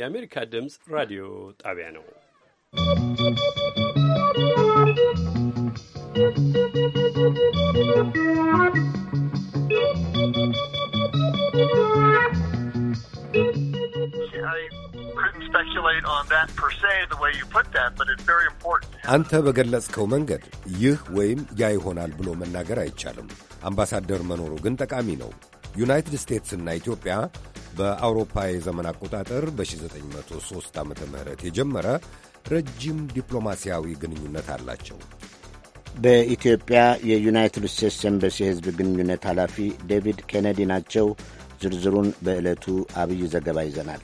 የአሜሪካ ድምፅ ራዲዮ ጣቢያ ነው። አንተ በገለጽከው መንገድ ይህ ወይም ያ ይሆናል ብሎ መናገር አይቻልም። አምባሳደር መኖሩ ግን ጠቃሚ ነው። ዩናይትድ ስቴትስና ኢትዮጵያ በአውሮፓ የዘመን አቆጣጠር በ1903 ዓ ም የጀመረ ረጅም ዲፕሎማሲያዊ ግንኙነት አላቸው። በኢትዮጵያ የዩናይትድ ስቴትስ ኤምበሲ የሕዝብ ግንኙነት ኃላፊ ዴቪድ ኬነዲ ናቸው። ዝርዝሩን በዕለቱ አብይ ዘገባ ይዘናል።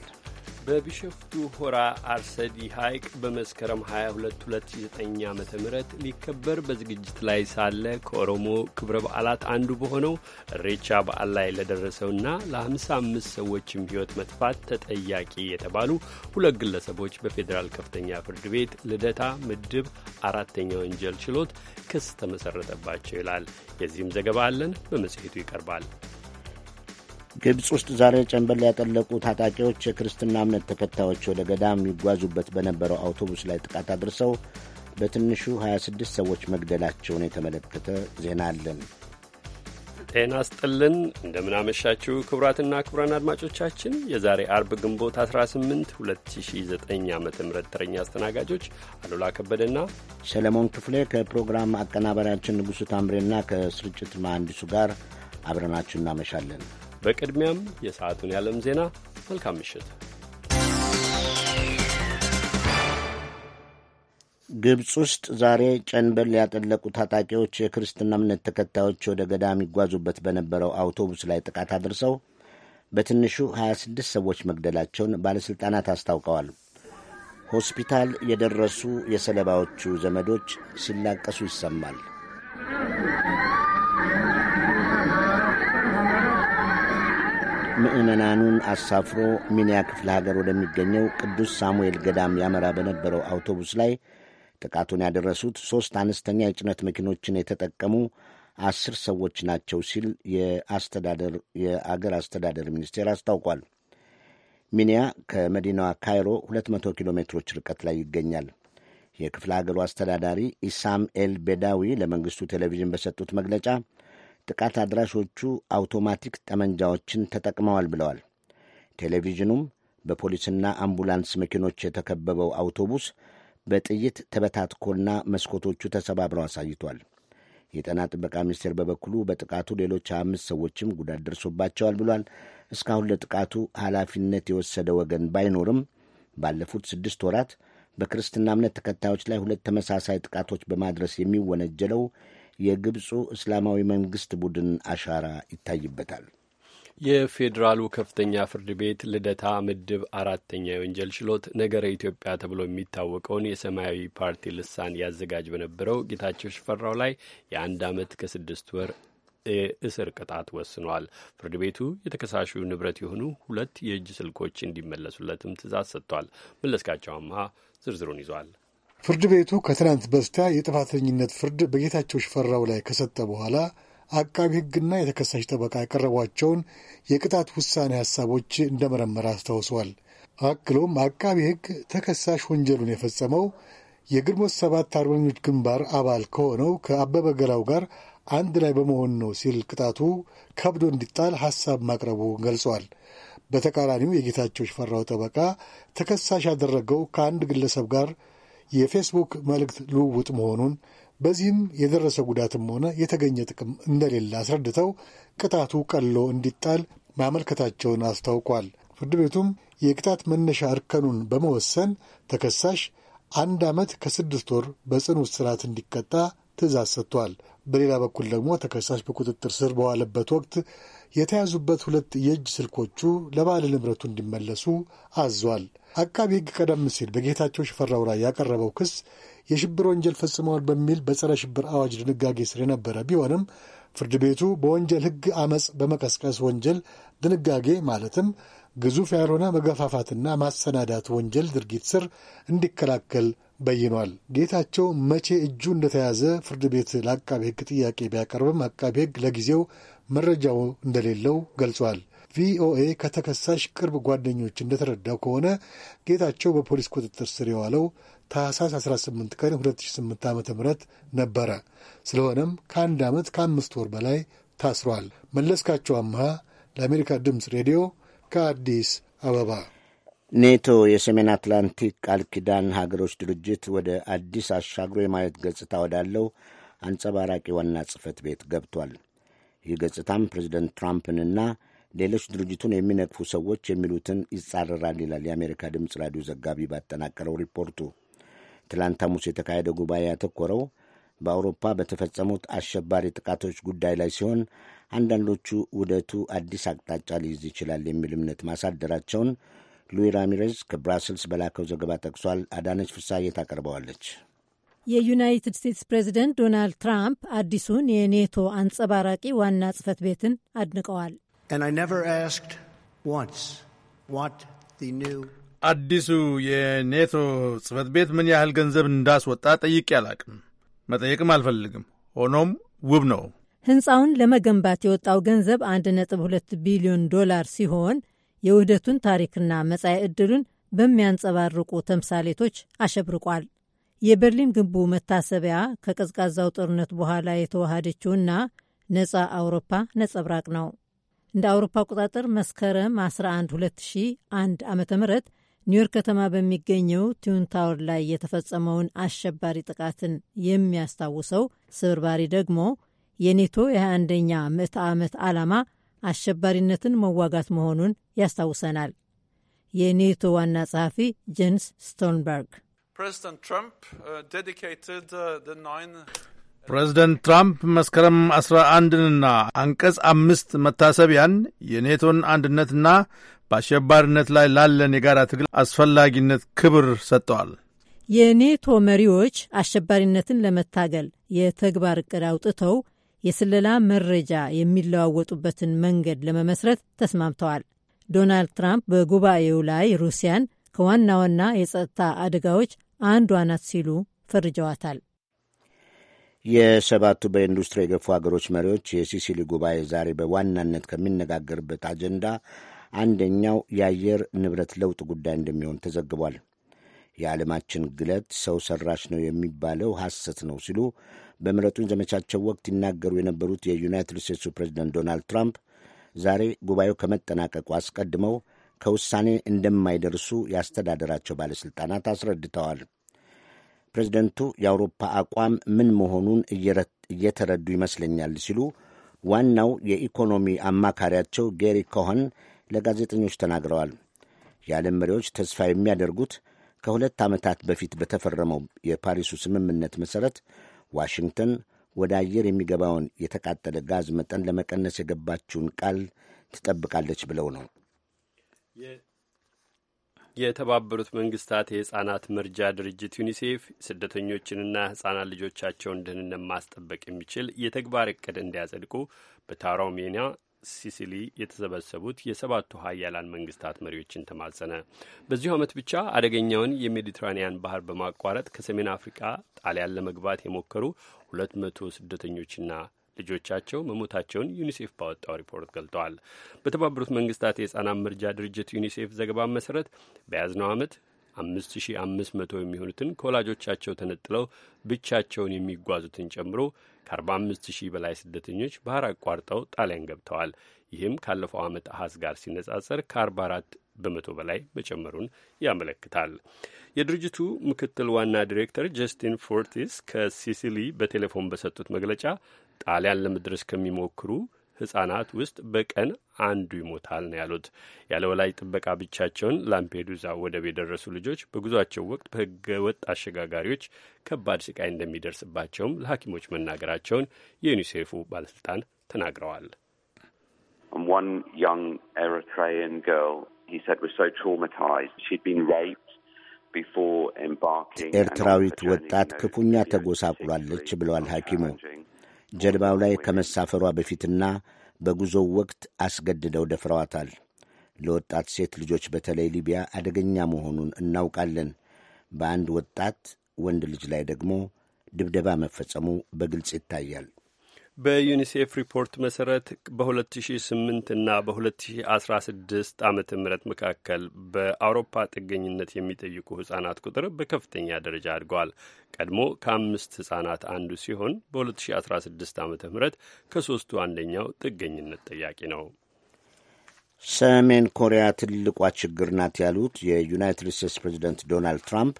በቢሸፍቱ ሆራ አርሰዲ ሐይቅ በመስከረም 22 2009 ዓ ም ሊከበር በዝግጅት ላይ ሳለ ከኦሮሞ ክብረ በዓላት አንዱ በሆነው እሬቻ በዓል ላይ ለደረሰውና ለ55 ሰዎችም ሕይወት መጥፋት ተጠያቂ የተባሉ ሁለት ግለሰቦች በፌዴራል ከፍተኛ ፍርድ ቤት ልደታ ምድብ አራተኛ ወንጀል ችሎት ክስ ተመሠረተባቸው ይላል። የዚህም ዘገባ አለን፣ በመጽሔቱ ይቀርባል። ግብፅ ውስጥ ዛሬ ጨንበር ያጠለቁ ታጣቂዎች የክርስትና እምነት ተከታዮች ወደ ገዳም የሚጓዙበት በነበረው አውቶቡስ ላይ ጥቃት አድርሰው በትንሹ 26 ሰዎች መግደላቸውን የተመለከተ ዜና አለን። ጤና ስጥልን እንደምናመሻችሁ ክቡራትና ክቡራን አድማጮቻችን የዛሬ አርብ ግንቦት 18 2009 ዓ ም ተረኛ አስተናጋጆች አሉላ ከበደና ሰለሞን ክፍሌ ከፕሮግራም አቀናባሪያችን ንጉሡ ታምሬና ከስርጭት መሐንዲሱ ጋር አብረናችሁ እናመሻለን። በቅድሚያም የሰዓቱን የዓለም ዜና። መልካም ምሽት። ግብፅ ውስጥ ዛሬ ጨንበል ያጠለቁ ታጣቂዎች የክርስትና እምነት ተከታዮች ወደ ገዳ የሚጓዙበት በነበረው አውቶቡስ ላይ ጥቃት አድርሰው በትንሹ 26 ሰዎች መግደላቸውን ባለሥልጣናት አስታውቀዋል። ሆስፒታል የደረሱ የሰለባዎቹ ዘመዶች ሲላቀሱ ይሰማል። ምዕመናኑን አሳፍሮ ሚኒያ ክፍለ ሀገር ወደሚገኘው ቅዱስ ሳሙኤል ገዳም ያመራ በነበረው አውቶቡስ ላይ ጥቃቱን ያደረሱት ሦስት አነስተኛ የጭነት መኪኖችን የተጠቀሙ አስር ሰዎች ናቸው ሲል የአገር አስተዳደር ሚኒስቴር አስታውቋል። ሚኒያ ከመዲናዋ ካይሮ 200 ኪሎ ሜትሮች ርቀት ላይ ይገኛል። የክፍለ ሀገሩ አስተዳዳሪ ኢሳም ኤል ቤዳዊ ለመንግሥቱ ቴሌቪዥን በሰጡት መግለጫ ጥቃት አድራሾቹ አውቶማቲክ ጠመንጃዎችን ተጠቅመዋል ብለዋል። ቴሌቪዥኑም በፖሊስና አምቡላንስ መኪኖች የተከበበው አውቶቡስ በጥይት ተበታትኮና መስኮቶቹ ተሰባብረው አሳይቷል። የጤና ጥበቃ ሚኒስቴር በበኩሉ በጥቃቱ ሌሎች አምስት ሰዎችም ጉዳት ደርሶባቸዋል ብሏል። እስካሁን ለጥቃቱ ኃላፊነት የወሰደ ወገን ባይኖርም ባለፉት ስድስት ወራት በክርስትና እምነት ተከታዮች ላይ ሁለት ተመሳሳይ ጥቃቶች በማድረስ የሚወነጀለው የግብፁ እስላማዊ መንግስት ቡድን አሻራ ይታይበታል። የፌዴራሉ ከፍተኛ ፍርድ ቤት ልደታ ምድብ አራተኛ የወንጀል ችሎት ነገረ ኢትዮጵያ ተብሎ የሚታወቀውን የሰማያዊ ፓርቲ ልሳን ያዘጋጅ በነበረው ጌታቸው ሽፈራው ላይ የአንድ ዓመት ከስድስት ወር የእስር ቅጣት ወስኗል። ፍርድ ቤቱ የተከሳሹ ንብረት የሆኑ ሁለት የእጅ ስልኮች እንዲመለሱለትም ትእዛዝ ሰጥቷል። መለስካቸው አምሃ ዝርዝሩን ይዟል። ፍርድ ቤቱ ከትናንት በስቲያ የጥፋተኝነት ፍርድ በጌታቸው ሽፈራው ላይ ከሰጠ በኋላ አቃቢ ሕግና የተከሳሽ ጠበቃ ያቀረቧቸውን የቅጣት ውሳኔ ሐሳቦች እንደመረመረ አስታውሷል። አክሎም አቃቢ ሕግ ተከሳሽ ወንጀሉን የፈጸመው የግንቦት ሰባት አርበኞች ግንባር አባል ከሆነው ከአበበ ገላው ጋር አንድ ላይ በመሆን ነው ሲል ቅጣቱ ከብዶ እንዲጣል ሐሳብ ማቅረቡ ገልጿል። በተቃራኒው የጌታቸው ሽፈራው ጠበቃ ተከሳሽ ያደረገው ከአንድ ግለሰብ ጋር የፌስቡክ መልእክት ልውውጥ መሆኑን በዚህም የደረሰ ጉዳትም ሆነ የተገኘ ጥቅም እንደሌለ አስረድተው ቅጣቱ ቀሎ እንዲጣል ማመልከታቸውን አስታውቋል። ፍርድ ቤቱም የቅጣት መነሻ እርከኑን በመወሰን ተከሳሽ አንድ ዓመት ከስድስት ወር በጽኑ እስራት እንዲቀጣ ትእዛዝ ሰጥቷል። በሌላ በኩል ደግሞ ተከሳሽ በቁጥጥር ስር በዋለበት ወቅት የተያዙበት ሁለት የእጅ ስልኮቹ ለባለ ንብረቱ እንዲመለሱ አዟል። አቃቢ ሕግ ቀደም ሲል በጌታቸው ሽፈራው ላይ ያቀረበው ክስ የሽብር ወንጀል ፈጽመዋል በሚል በጸረ ሽብር አዋጅ ድንጋጌ ስር የነበረ ቢሆንም ፍርድ ቤቱ በወንጀል ሕግ አመፅ በመቀስቀስ ወንጀል ድንጋጌ ማለትም ግዙፍ ያልሆነ መገፋፋትና ማሰናዳት ወንጀል ድርጊት ስር እንዲከላከል በይኗል። ጌታቸው መቼ እጁ እንደተያዘ ፍርድ ቤት ለአቃቢ ሕግ ጥያቄ ቢያቀርብም አቃቢ ሕግ ለጊዜው መረጃው እንደሌለው ገልጿል። ቪኦኤ ከተከሳሽ ቅርብ ጓደኞች እንደተረዳው ከሆነ ጌታቸው በፖሊስ ቁጥጥር ስር የዋለው ታህሳስ 18 ቀን 2008 ዓ ም ነበረ። ስለሆነም ከአንድ ዓመት ከአምስት ወር በላይ ታስሯል። መለስካቸው አምሃ ለአሜሪካ ድምፅ ሬዲዮ ከአዲስ አበባ። ኔቶ የሰሜን አትላንቲክ ቃል ኪዳን ሀገሮች ድርጅት ወደ አዲስ አሻግሮ የማየት ገጽታ ወዳለው አንጸባራቂ ዋና ጽህፈት ቤት ገብቷል። ይህ ገጽታም ፕሬዚደንት ትራምፕንና ሌሎች ድርጅቱን የሚነቅፉ ሰዎች የሚሉትን ይጻረራል ይላል የአሜሪካ ድምፅ ራዲዮ ዘጋቢ ባጠናቀረው ሪፖርቱ። ትላንት ሐሙስ የተካሄደ ጉባኤ ያተኮረው በአውሮፓ በተፈጸሙት አሸባሪ ጥቃቶች ጉዳይ ላይ ሲሆን አንዳንዶቹ ውደቱ አዲስ አቅጣጫ ሊይዝ ይችላል የሚል እምነት ማሳደራቸውን ሉዊ ራሚሬዝ ከብራስልስ በላከው ዘገባ ጠቅሷል። አዳነች ፍሳዬ ታቀርበዋለች። የዩናይትድ ስቴትስ ፕሬዚደንት ዶናልድ ትራምፕ አዲሱን የኔቶ አንጸባራቂ ዋና ጽህፈት ቤትን አድንቀዋል። አዲሱ የኔቶ ጽህፈት ቤት ምን ያህል ገንዘብ እንዳስወጣ ጠይቄ አላቅም፣ መጠየቅም አልፈልግም። ሆኖም ውብ ነው። ህንፃውን ለመገንባት የወጣው ገንዘብ 1.2 ቢሊዮን ዶላር ሲሆን የውህደቱን ታሪክና መጻኤ ዕድሉን በሚያንጸባርቁ ተምሳሌቶች አሸብርቋል። የበርሊን ግንቡ መታሰቢያ ከቀዝቃዛው ጦርነት በኋላ የተዋሃደችውና ነፃ አውሮፓ ነጸብራቅ ነው። እንደ አውሮፓ አቆጣጠር መስከረም 11 2001 ዓ ም ኒውዮርክ ከተማ በሚገኘው ቲዩን ታወር ላይ የተፈጸመውን አሸባሪ ጥቃትን የሚያስታውሰው ስብርባሪ ደግሞ የኔቶ የ21ኛ ምዕተ ዓመት ዓላማ አሸባሪነትን መዋጋት መሆኑን ያስታውሰናል። የኔቶ ዋና ጸሐፊ ጀንስ ስቶንበርግ Uh, uh, ፕሬዝደንት ትራምፕ መስከረም አስራ አንድንና አንቀጽ አምስት መታሰቢያን የኔቶን አንድነትና በአሸባሪነት ላይ ላለን የጋራ ትግል አስፈላጊነት ክብር ሰጥተዋል። የኔቶ መሪዎች አሸባሪነትን ለመታገል የተግባር እቅድ አውጥተው የስለላ መረጃ የሚለዋወጡበትን መንገድ ለመመስረት ተስማምተዋል። ዶናልድ ትራምፕ በጉባኤው ላይ ሩሲያን ከዋና ዋና የጸጥታ አደጋዎች አንዷ ናት ሲሉ ፈርጀዋታል። የሰባቱ በኢንዱስትሪ የገፉ ሀገሮች መሪዎች የሲሲሊ ጉባኤ ዛሬ በዋናነት ከሚነጋገርበት አጀንዳ አንደኛው የአየር ንብረት ለውጥ ጉዳይ እንደሚሆን ተዘግቧል። የዓለማችን ግለት ሰው ሰራሽ ነው የሚባለው ሐሰት ነው ሲሉ በምረጡኝ ዘመቻቸው ወቅት ይናገሩ የነበሩት የዩናይትድ ስቴትሱ ፕሬዚደንት ዶናልድ ትራምፕ ዛሬ ጉባኤው ከመጠናቀቁ አስቀድመው ከውሳኔ እንደማይደርሱ ያስተዳደራቸው ባለሥልጣናት አስረድተዋል። ፕሬዚደንቱ የአውሮፓ አቋም ምን መሆኑን እየተረዱ ይመስለኛል ሲሉ ዋናው የኢኮኖሚ አማካሪያቸው ጌሪ ኮሆን ለጋዜጠኞች ተናግረዋል። የዓለም መሪዎች ተስፋ የሚያደርጉት ከሁለት ዓመታት በፊት በተፈረመው የፓሪሱ ስምምነት መሠረት ዋሽንግተን ወደ አየር የሚገባውን የተቃጠለ ጋዝ መጠን ለመቀነስ የገባችውን ቃል ትጠብቃለች ብለው ነው። የተባበሩት መንግስታት የህጻናት መርጃ ድርጅት ዩኒሴፍ ስደተኞችንና ህጻናት ልጆቻቸውን ደህንነት ማስጠበቅ የሚችል የተግባር እቅድ እንዲያጸድቁ በታሮሜኒያ ሲሲሊ የተሰበሰቡት የሰባቱ ሀያላን መንግስታት መሪዎችን ተማጸነ። በዚሁ ዓመት ብቻ አደገኛውን የሜዲትራኒያን ባህር በማቋረጥ ከሰሜን አፍሪቃ ጣሊያን ለመግባት የሞከሩ ሁለት መቶ ስደተኞችና ልጆቻቸው መሞታቸውን ዩኒሴፍ ባወጣው ሪፖርት ገልጠዋል። በተባበሩት መንግስታት የህጻናት መርጃ ድርጅት ዩኒሴፍ ዘገባ መሰረት በያዝነው ዓመት 5500 የሚሆኑትን ከወላጆቻቸው ተነጥለው ብቻቸውን የሚጓዙትን ጨምሮ ከ45000 በላይ ስደተኞች ባህር አቋርጠው ጣሊያን ገብተዋል። ይህም ካለፈው ዓመት አሐዝ ጋር ሲነጻጸር ከ44 በመቶ በላይ መጨመሩን ያመለክታል። የድርጅቱ ምክትል ዋና ዲሬክተር ጀስቲን ፎርቲስ ከሲሲሊ በቴሌፎን በሰጡት መግለጫ ጣሊያን ለመድረስ ከሚሞክሩ ህጻናት ውስጥ በቀን አንዱ ይሞታል ነው ያሉት። ያለ ወላጅ ጥበቃ ብቻቸውን ላምፔዱዛ ወደብ የደረሱ ልጆች በጉዟቸው ወቅት በህገ ወጥ አሸጋጋሪዎች ከባድ ስቃይ እንደሚደርስባቸውም ለሐኪሞች መናገራቸውን የዩኒሴፉ ባለስልጣን ተናግረዋል። one young Eritrean girl, he said, was so traumatized. She'd been raped before embarking. ኤርትራዊት ወጣት ክፉኛ ተጎሳቁላለች ብለዋል ሐኪሙ ጀልባው ላይ ከመሳፈሯ በፊትና በጉዞው ወቅት አስገድደው ደፍረዋታል። ለወጣት ሴት ልጆች በተለይ ሊቢያ አደገኛ መሆኑን እናውቃለን። በአንድ ወጣት ወንድ ልጅ ላይ ደግሞ ድብደባ መፈጸሙ በግልጽ ይታያል። በዩኒሴፍ ሪፖርት መሰረት በ2008 እና በ2016 ዓመተ ምህረት መካከል በአውሮፓ ጥገኝነት የሚጠይቁ ህጻናት ቁጥር በከፍተኛ ደረጃ አድገዋል። ቀድሞ ከአምስት ህጻናት አንዱ ሲሆን በ2016 ዓ ም ከሶስቱ አንደኛው ጥገኝነት ጠያቂ ነው። ሰሜን ኮሪያ ትልቋ ችግር ናት ያሉት የዩናይትድ ስቴትስ ፕሬዚደንት ዶናልድ ትራምፕ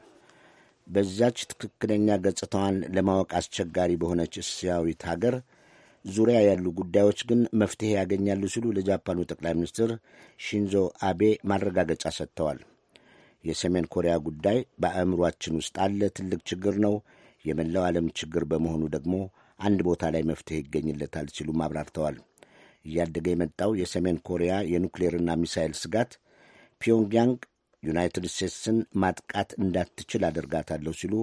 በዛች ትክክለኛ ገጽታዋን ለማወቅ አስቸጋሪ በሆነች እስያዊት ሀገር ዙሪያ ያሉ ጉዳዮች ግን መፍትሄ ያገኛሉ ሲሉ ለጃፓኑ ጠቅላይ ሚኒስትር ሺንዞ አቤ ማረጋገጫ ሰጥተዋል። የሰሜን ኮሪያ ጉዳይ በአእምሯችን ውስጥ አለ፣ ትልቅ ችግር ነው። የመላው ዓለም ችግር በመሆኑ ደግሞ አንድ ቦታ ላይ መፍትሄ ይገኝለታል ሲሉም አብራርተዋል። እያደገ የመጣው የሰሜን ኮሪያ የኑክሌርና ሚሳይል ስጋት ፒዮንግያንግ ዩናይትድ ስቴትስን ማጥቃት እንዳትችል አደርጋታለሁ ሲሉ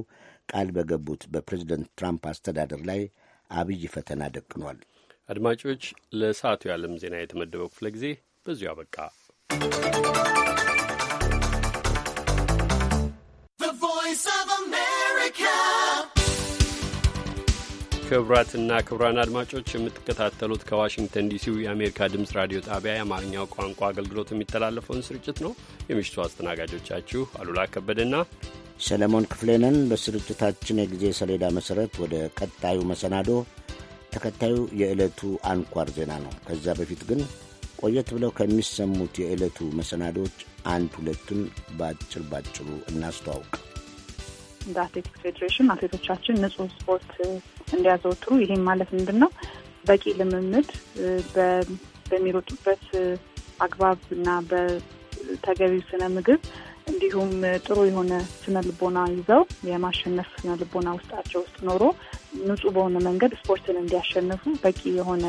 ቃል በገቡት በፕሬዚደንት ትራምፕ አስተዳደር ላይ አብይ ፈተና ደቅኗል። አድማጮች፣ ለሰዓቱ የዓለም ዜና የተመደበው ክፍለ ጊዜ በዚሁ አበቃ። ክቡራትና ክቡራን አድማጮች የምትከታተሉት ከዋሽንግተን ዲሲው የአሜሪካ ድምፅ ራዲዮ ጣቢያ የአማርኛው ቋንቋ አገልግሎት የሚተላለፈውን ስርጭት ነው። የምሽቱ አስተናጋጆቻችሁ አሉላ ከበደና ሰለሞን ክፍሌንን በስርጭታችን የጊዜ ሰሌዳ መሠረት ወደ ቀጣዩ መሰናዶ ተከታዩ የዕለቱ አንኳር ዜና ነው። ከዚያ በፊት ግን ቆየት ብለው ከሚሰሙት የዕለቱ መሰናዶዎች አንድ ሁለቱን በአጭር ባጭሩ እናስተዋውቅ። እንደ አትሌቲክስ ፌዴሬሽን አትሌቶቻችን ንጹህ ስፖርት እንዲያዘወትሩ ይህም ማለት ምንድን ነው? በቂ ልምምድ በሚሮጡበት አግባብ እና በተገቢው ስነ ምግብ እንዲሁም ጥሩ የሆነ ስነ ልቦና ይዘው የማሸነፍ ስነ ልቦና ውስጣቸው ውስጥ ኖሮ ንጹህ በሆነ መንገድ ስፖርትን እንዲያሸንፉ በቂ የሆነ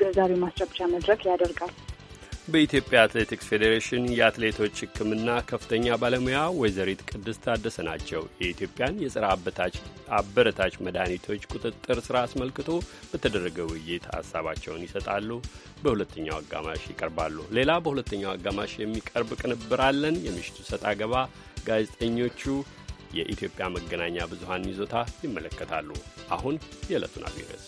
ግንዛቤ ማስጨብጫ መድረክ ያደርጋል። በኢትዮጵያ አትሌቲክስ ፌዴሬሽን የአትሌቶች ሕክምና ከፍተኛ ባለሙያ ወይዘሪት ቅድስት ታደሰ ናቸው። የኢትዮጵያን የጸረ አበረታች መድኃኒቶች ቁጥጥር ሥራ አስመልክቶ በተደረገ ውይይት ሀሳባቸውን ይሰጣሉ። በሁለተኛው አጋማሽ ይቀርባሉ። ሌላ በሁለተኛው አጋማሽ የሚቀርብ ቅንብር አለን። የምሽቱ ሰጥ አገባ ጋዜጠኞቹ የኢትዮጵያ መገናኛ ብዙሀን ይዞታ ይመለከታሉ። አሁን የዕለቱን አብይ ርዕስ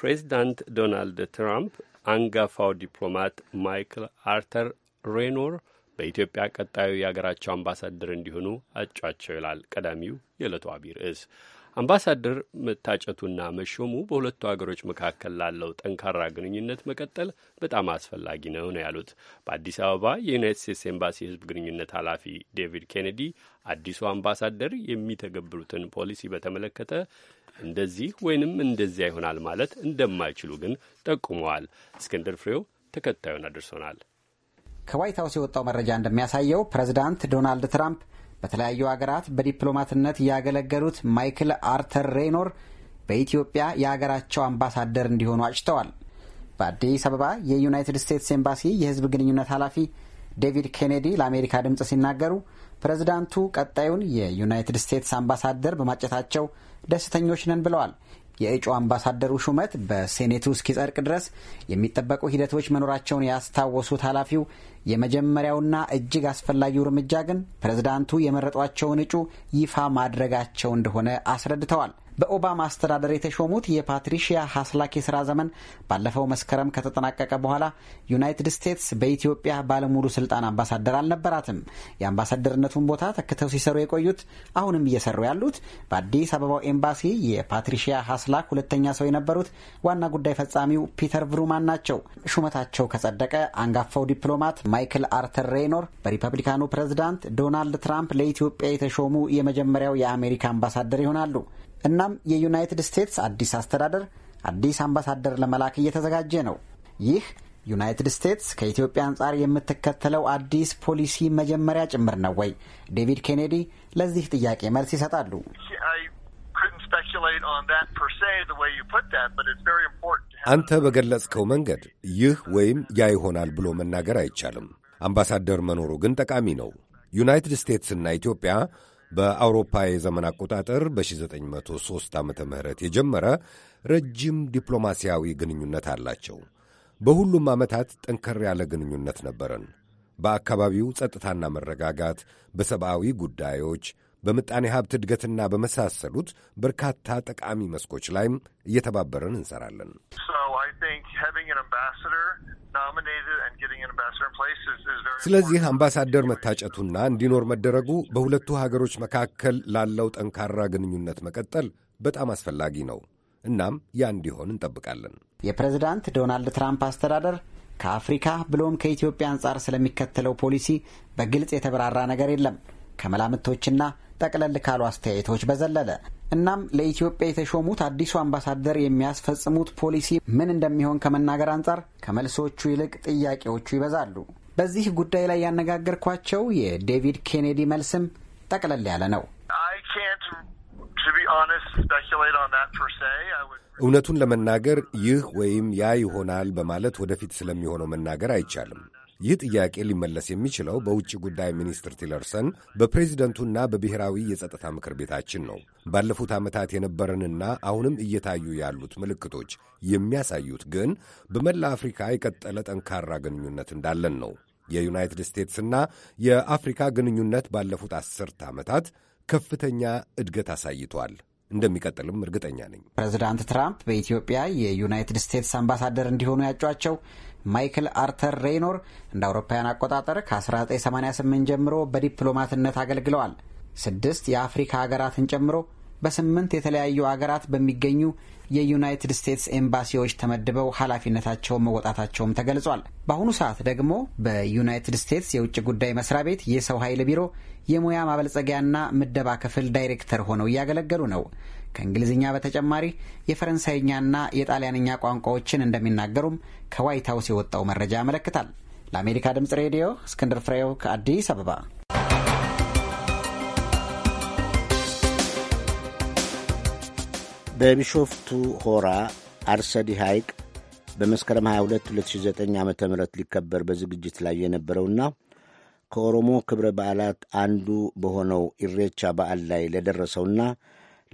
ፕሬዚዳንት ዶናልድ ትራምፕ አንጋፋው ዲፕሎማት ማይክል አርተር ሬኖር በኢትዮጵያ ቀጣዩ የአገራቸው አምባሳደር እንዲሆኑ አጯቸው ይላል ቀዳሚው የዕለቱ አቢይ ርዕስ። አምባሳደር መታጨቱና መሾሙ በሁለቱ አገሮች መካከል ላለው ጠንካራ ግንኙነት መቀጠል በጣም አስፈላጊ ነው ነው ያሉት በአዲስ አበባ የዩናይትድ ስቴትስ ኤምባሲ የሕዝብ ግንኙነት ኃላፊ ዴቪድ ኬኔዲ አዲሱ አምባሳደር የሚተገብሩትን ፖሊሲ በተመለከተ እንደዚህ ወይንም እንደዚያ ይሆናል ማለት እንደማይችሉ ግን ጠቁመዋል። እስክንድር ፍሬው ተከታዩን አድርሶናል። ከዋይት ሀውስ የወጣው መረጃ እንደሚያሳየው ፕሬዝዳንት ዶናልድ ትራምፕ በተለያዩ ሀገራት በዲፕሎማትነት ያገለገሉት ማይክል አርተር ሬይኖር በኢትዮጵያ የሀገራቸው አምባሳደር እንዲሆኑ አጭተዋል። በአዲስ አበባ የዩናይትድ ስቴትስ ኤምባሲ የሕዝብ ግንኙነት ኃላፊ ዴቪድ ኬኔዲ ለአሜሪካ ድምፅ ሲናገሩ ፕሬዝዳንቱ ቀጣዩን የዩናይትድ ስቴትስ አምባሳደር በማጨታቸው ደስተኞች ነን ብለዋል። የእጩ አምባሳደሩ ሹመት በሴኔቱ እስኪጸድቅ ድረስ የሚጠበቁ ሂደቶች መኖራቸውን ያስታወሱት ኃላፊው የመጀመሪያውና እጅግ አስፈላጊው እርምጃ ግን ፕሬዝዳንቱ የመረጧቸውን እጩ ይፋ ማድረጋቸው እንደሆነ አስረድተዋል። በኦባማ አስተዳደር የተሾሙት የፓትሪሺያ ሀስላክ የስራ ዘመን ባለፈው መስከረም ከተጠናቀቀ በኋላ ዩናይትድ ስቴትስ በኢትዮጵያ ባለሙሉ ስልጣን አምባሳደር አልነበራትም። የአምባሳደርነቱን ቦታ ተክተው ሲሰሩ የቆዩት አሁንም እየሰሩ ያሉት በአዲስ አበባው ኤምባሲ የፓትሪሺያ ሀስላክ ሁለተኛ ሰው የነበሩት ዋና ጉዳይ ፈጻሚው ፒተር ቭሩማን ናቸው። ሹመታቸው ከጸደቀ አንጋፋው ዲፕሎማት ማይክል አርተር ሬይኖር በሪፐብሊካኑ ፕሬዝዳንት ዶናልድ ትራምፕ ለኢትዮጵያ የተሾሙ የመጀመሪያው የአሜሪካ አምባሳደር ይሆናሉ። እናም የዩናይትድ ስቴትስ አዲስ አስተዳደር አዲስ አምባሳደር ለመላክ እየተዘጋጀ ነው። ይህ ዩናይትድ ስቴትስ ከኢትዮጵያ አንጻር የምትከተለው አዲስ ፖሊሲ መጀመሪያ ጭምር ነው ወይ? ዴቪድ ኬኔዲ ለዚህ ጥያቄ መልስ ይሰጣሉ። አንተ በገለጽከው መንገድ ይህ ወይም ያ ይሆናል ብሎ መናገር አይቻልም። አምባሳደር መኖሩ ግን ጠቃሚ ነው። ዩናይትድ ስቴትስና ኢትዮጵያ በአውሮፓ የዘመን አቆጣጠር በ1903 ዓ ም የጀመረ ረጅም ዲፕሎማሲያዊ ግንኙነት አላቸው። በሁሉም ዓመታት ጠንከር ያለ ግንኙነት ነበረን። በአካባቢው ጸጥታና መረጋጋት፣ በሰብአዊ ጉዳዮች፣ በምጣኔ ሀብት እድገትና በመሳሰሉት በርካታ ጠቃሚ መስኮች ላይም እየተባበረን እንሰራለን። think having an ambassador nominated and getting an ambassador in place is, is very ስለዚህ አምባሳደር መታጨቱና እንዲኖር መደረጉ በሁለቱ ሀገሮች መካከል ላለው ጠንካራ ግንኙነት መቀጠል በጣም አስፈላጊ ነው። እናም ያ እንዲሆን እንጠብቃለን። የፕሬዝዳንት ዶናልድ ትራምፕ አስተዳደር ከአፍሪካ ብሎም ከኢትዮጵያ አንጻር ስለሚከተለው ፖሊሲ በግልጽ የተብራራ ነገር የለም ከመላምቶችና ጠቅለል ካሉ አስተያየቶች በዘለለ እናም ለኢትዮጵያ የተሾሙት አዲሱ አምባሳደር የሚያስፈጽሙት ፖሊሲ ምን እንደሚሆን ከመናገር አንጻር ከመልሶቹ ይልቅ ጥያቄዎቹ ይበዛሉ። በዚህ ጉዳይ ላይ ያነጋገርኳቸው የዴቪድ ኬኔዲ መልስም ጠቅለል ያለ ነው። እውነቱን ለመናገር ይህ ወይም ያ ይሆናል በማለት ወደፊት ስለሚሆነው መናገር አይቻልም። ይህ ጥያቄ ሊመለስ የሚችለው በውጭ ጉዳይ ሚኒስትር ቲለርሰን በፕሬዚደንቱና በብሔራዊ የጸጥታ ምክር ቤታችን ነው። ባለፉት ዓመታት የነበረንና አሁንም እየታዩ ያሉት ምልክቶች የሚያሳዩት ግን በመላ አፍሪካ የቀጠለ ጠንካራ ግንኙነት እንዳለን ነው። የዩናይትድ ስቴትስና የአፍሪካ ግንኙነት ባለፉት አስርተ ዓመታት ከፍተኛ እድገት አሳይቷል። እንደሚቀጥልም እርግጠኛ ነኝ። ፕሬዚዳንት ትራምፕ በኢትዮጵያ የዩናይትድ ስቴትስ አምባሳደር እንዲሆኑ ያጯቸው ማይክል አርተር ሬይኖር እንደ አውሮፓውያን አቆጣጠር ከ1988 ጀምሮ በዲፕሎማትነት አገልግለዋል። ስድስት የአፍሪካ ሀገራትን ጨምሮ በስምንት የተለያዩ ሀገራት በሚገኙ የዩናይትድ ስቴትስ ኤምባሲዎች ተመድበው ኃላፊነታቸውን መወጣታቸውም ተገልጿል። በአሁኑ ሰዓት ደግሞ በዩናይትድ ስቴትስ የውጭ ጉዳይ መስሪያ ቤት የሰው ኃይል ቢሮ የሙያ ማበልጸጊያና ምደባ ክፍል ዳይሬክተር ሆነው እያገለገሉ ነው። ከእንግሊዝኛ በተጨማሪ የፈረንሳይኛና የጣሊያንኛ ቋንቋዎችን እንደሚናገሩም ከዋይት ሀውስ የወጣው መረጃ ያመለክታል። ለአሜሪካ ድምፅ ሬዲዮ እስክንድር ፍሬው ከአዲስ አበባ። በቢሾፍቱ ሆራ አርሰዲ ሐይቅ በመስከረም 22 2009 ዓ ም ሊከበር በዝግጅት ላይ የነበረውና ከኦሮሞ ክብረ በዓላት አንዱ በሆነው ኢሬቻ በዓል ላይ ለደረሰውና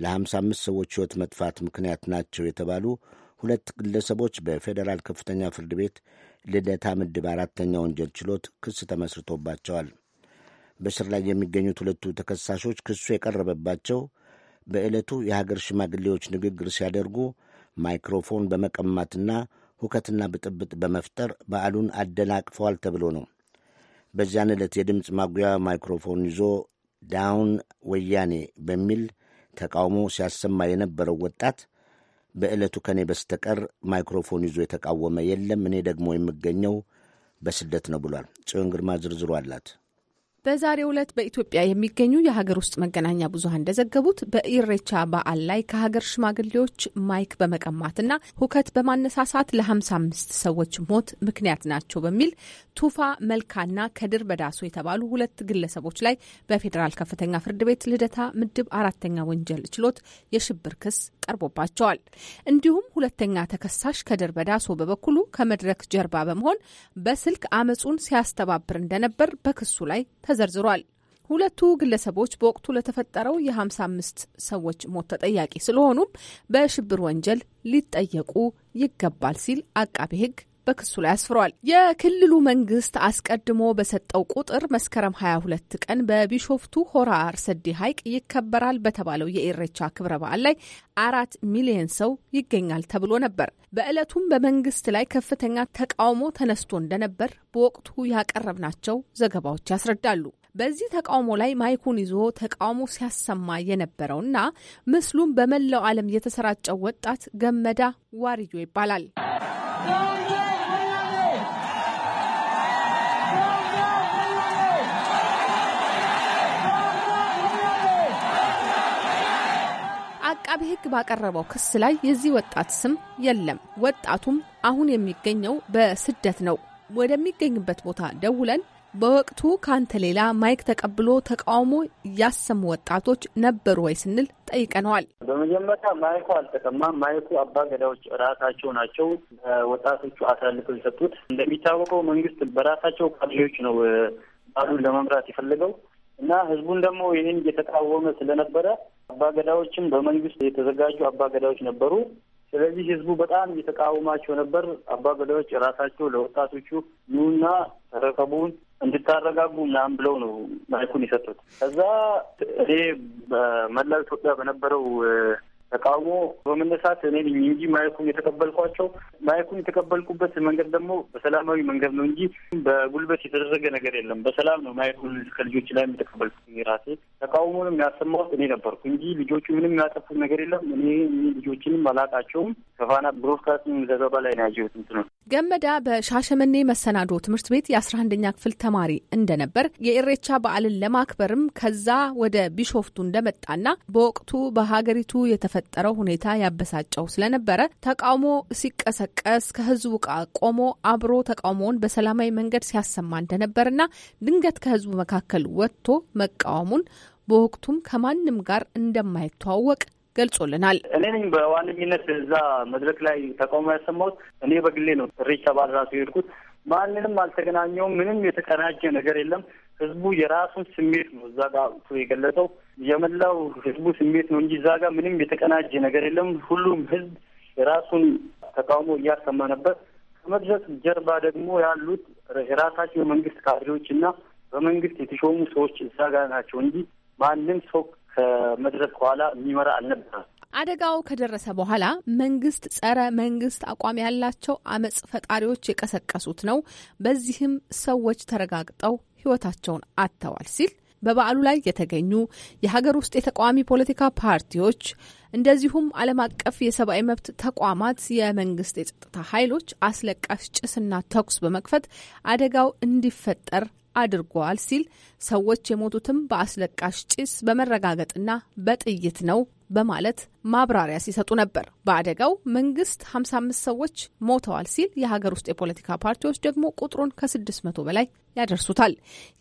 ለ55 ሰዎች ሕይወት መጥፋት ምክንያት ናቸው የተባሉ ሁለት ግለሰቦች በፌዴራል ከፍተኛ ፍርድ ቤት ልደታ ምድብ አራተኛ ወንጀል ችሎት ክስ ተመስርቶባቸዋል። በስር ላይ የሚገኙት ሁለቱ ተከሳሾች ክሱ የቀረበባቸው በዕለቱ የሀገር ሽማግሌዎች ንግግር ሲያደርጉ ማይክሮፎን በመቀማትና ሁከትና ብጥብጥ በመፍጠር በዓሉን አደናቅፈዋል ተብሎ ነው። በዚያን ዕለት የድምፅ ማጉያ ማይክሮፎን ይዞ ዳውን ወያኔ በሚል ተቃውሞ ሲያሰማ የነበረው ወጣት በዕለቱ ከኔ በስተቀር ማይክሮፎን ይዞ የተቃወመ የለም፣ እኔ ደግሞ የምገኘው በስደት ነው ብሏል። ጽዮን ግርማ ዝርዝሩ አላት። በዛሬው ዕለት በኢትዮጵያ የሚገኙ የሀገር ውስጥ መገናኛ ብዙኃን እንደዘገቡት በኢሬቻ በዓል ላይ ከሀገር ሽማግሌዎች ማይክ በመቀማትና ሁከት በማነሳሳት ለ55 ሰዎች ሞት ምክንያት ናቸው በሚል ቱፋ መልካና ከድር በዳሶ የተባሉ ሁለት ግለሰቦች ላይ በፌዴራል ከፍተኛ ፍርድ ቤት ልደታ ምድብ አራተኛ ወንጀል ችሎት የሽብር ክስ ቀርቦባቸዋል። እንዲሁም ሁለተኛ ተከሳሽ ከድር በዳሶ በበኩሉ ከመድረክ ጀርባ በመሆን በስልክ አመፁን ሲያስተባብር እንደነበር በክሱ ላይ ተዘርዝሯል። ሁለቱ ግለሰቦች በወቅቱ ለተፈጠረው የ55 ሰዎች ሞት ተጠያቂ ስለሆኑም በሽብር ወንጀል ሊጠየቁ ይገባል ሲል አቃቤ ሕግ በክሱ ላይ አስፍሯል። የክልሉ መንግስት አስቀድሞ በሰጠው ቁጥር መስከረም 22 ቀን በቢሾፍቱ ሆራ አርሰዲ ሐይቅ ይከበራል በተባለው የኢሬቻ ክብረ በዓል ላይ አራት ሚሊየን ሰው ይገኛል ተብሎ ነበር። በዕለቱም በመንግስት ላይ ከፍተኛ ተቃውሞ ተነስቶ እንደነበር በወቅቱ ያቀረብናቸው ዘገባዎች ያስረዳሉ። በዚህ ተቃውሞ ላይ ማይኩን ይዞ ተቃውሞ ሲያሰማ የነበረውና ምስሉም በመላው ዓለም የተሰራጨው ወጣት ገመዳ ዋርዮ ይባላል። አቃቢ ሕግ ባቀረበው ክስ ላይ የዚህ ወጣት ስም የለም። ወጣቱም አሁን የሚገኘው በስደት ነው። ወደሚገኝበት ቦታ ደውለን በወቅቱ ከአንተ ሌላ ማይክ ተቀብሎ ተቃውሞ ያሰሙ ወጣቶች ነበሩ ወይ ስንል ጠይቀነዋል። በመጀመሪያ ማይኩ አልተቀማም። ማይኩ አባ ገዳዎች ራሳቸው ናቸው ወጣቶቹ አሳልፈው የሰጡት። እንደሚታወቀው መንግስት በራሳቸው ካድሬዎች ነው ባሉን ለመምራት የፈለገው እና ህዝቡን ደግሞ ይህን እየተቃወመ ስለነበረ አባገዳዎችም በመንግስት የተዘጋጁ አባገዳዎች ነበሩ። ስለዚህ ህዝቡ በጣም እየተቃወማቸው ነበር። አባገዳዎች ራሳቸው ለወጣቶቹ ኑና ተረከቡን እንድታረጋጉ ምናምን ብለው ነው ማይኩን የሰጡት። ከዛ እኔ በመላው ኢትዮጵያ በነበረው ተቃውሞ በመነሳት እኔ ነኝ እንጂ ማይኩም የተቀበልኳቸው ማይኩም የተቀበልኩበት መንገድ ደግሞ በሰላማዊ መንገድ ነው እንጂ በጉልበት የተደረገ ነገር የለም። በሰላም ነው ማይኩን ከልጆች ላይ የተቀበልኩት ራሴ። ተቃውሞንም ያሰማሁት እኔ ነበርኩ እንጂ ልጆቹ ምንም ያጠፉት ነገር የለም። እኔ ልጆችንም አላቃቸውም። ከፋና ብሮድካስቲንግ ዘገባ ላይ ነው ያየሁት። እንትን ነው ገመዳ በሻሸመኔ መሰናዶ ትምህርት ቤት የአስራ አንደኛ ክፍል ተማሪ እንደነበር የኢሬቻ በዓልን ለማክበርም ከዛ ወደ ቢሾፍቱ እንደመጣና በወቅቱ በሀገሪቱ የተፈ የተፈጠረው ሁኔታ ያበሳጨው ስለነበረ ተቃውሞ ሲቀሰቀስ ከህዝቡ ጋር ቆሞ አብሮ ተቃውሞውን በሰላማዊ መንገድ ሲያሰማ እንደነበርና ድንገት ከህዝቡ መካከል ወጥቶ መቃወሙን በወቅቱም ከማንም ጋር እንደማይተዋወቅ ገልጾልናል። እኔ ነኝ በዋነኝነት እዛ መድረክ ላይ ተቃውሞ ያሰማሁት እኔ በግሌ ነው። ሬቻ ባል ራሱ የሄድኩት ማንንም አልተገናኘውም። ምንም የተቀናጀ ነገር የለም። ህዝቡ የራሱን ስሜት ነው እዛ ጋር የገለጸው። የመላው ህዝቡ ስሜት ነው እንጂ እዛ ጋር ምንም የተቀናጀ ነገር የለም። ሁሉም ህዝብ የራሱን ተቃውሞ እያሰማ ነበር። ከመድረክ ጀርባ ደግሞ ያሉት የራሳቸው የመንግስት ካድሬዎች እና በመንግስት የተሾሙ ሰዎች እዛ ጋር ናቸው እንጂ ማንም ሰው ከመድረክ በኋላ የሚመራ አልነበረም። አደጋው ከደረሰ በኋላ መንግስት ጸረ መንግስት አቋም ያላቸው አመጽ ፈጣሪዎች የቀሰቀሱት ነው። በዚህም ሰዎች ተረጋግጠው ህይወታቸውን አጥተዋል ሲል በበዓሉ ላይ የተገኙ የሀገር ውስጥ የተቃዋሚ ፖለቲካ ፓርቲዎች እንደዚሁም ዓለም አቀፍ የሰብአዊ መብት ተቋማት የመንግስት የጸጥታ ኃይሎች አስለቃሽ ጭስና ተኩስ በመክፈት አደጋው እንዲፈጠር አድርገዋል ሲል ሰዎች የሞቱትም በአስለቃሽ ጭስ በመረጋገጥና በጥይት ነው በማለት ማብራሪያ ሲሰጡ ነበር። በአደጋው መንግስት 55 ሰዎች ሞተዋል ሲል የሀገር ውስጥ የፖለቲካ ፓርቲዎች ደግሞ ቁጥሩን ከ600 በላይ ያደርሱታል።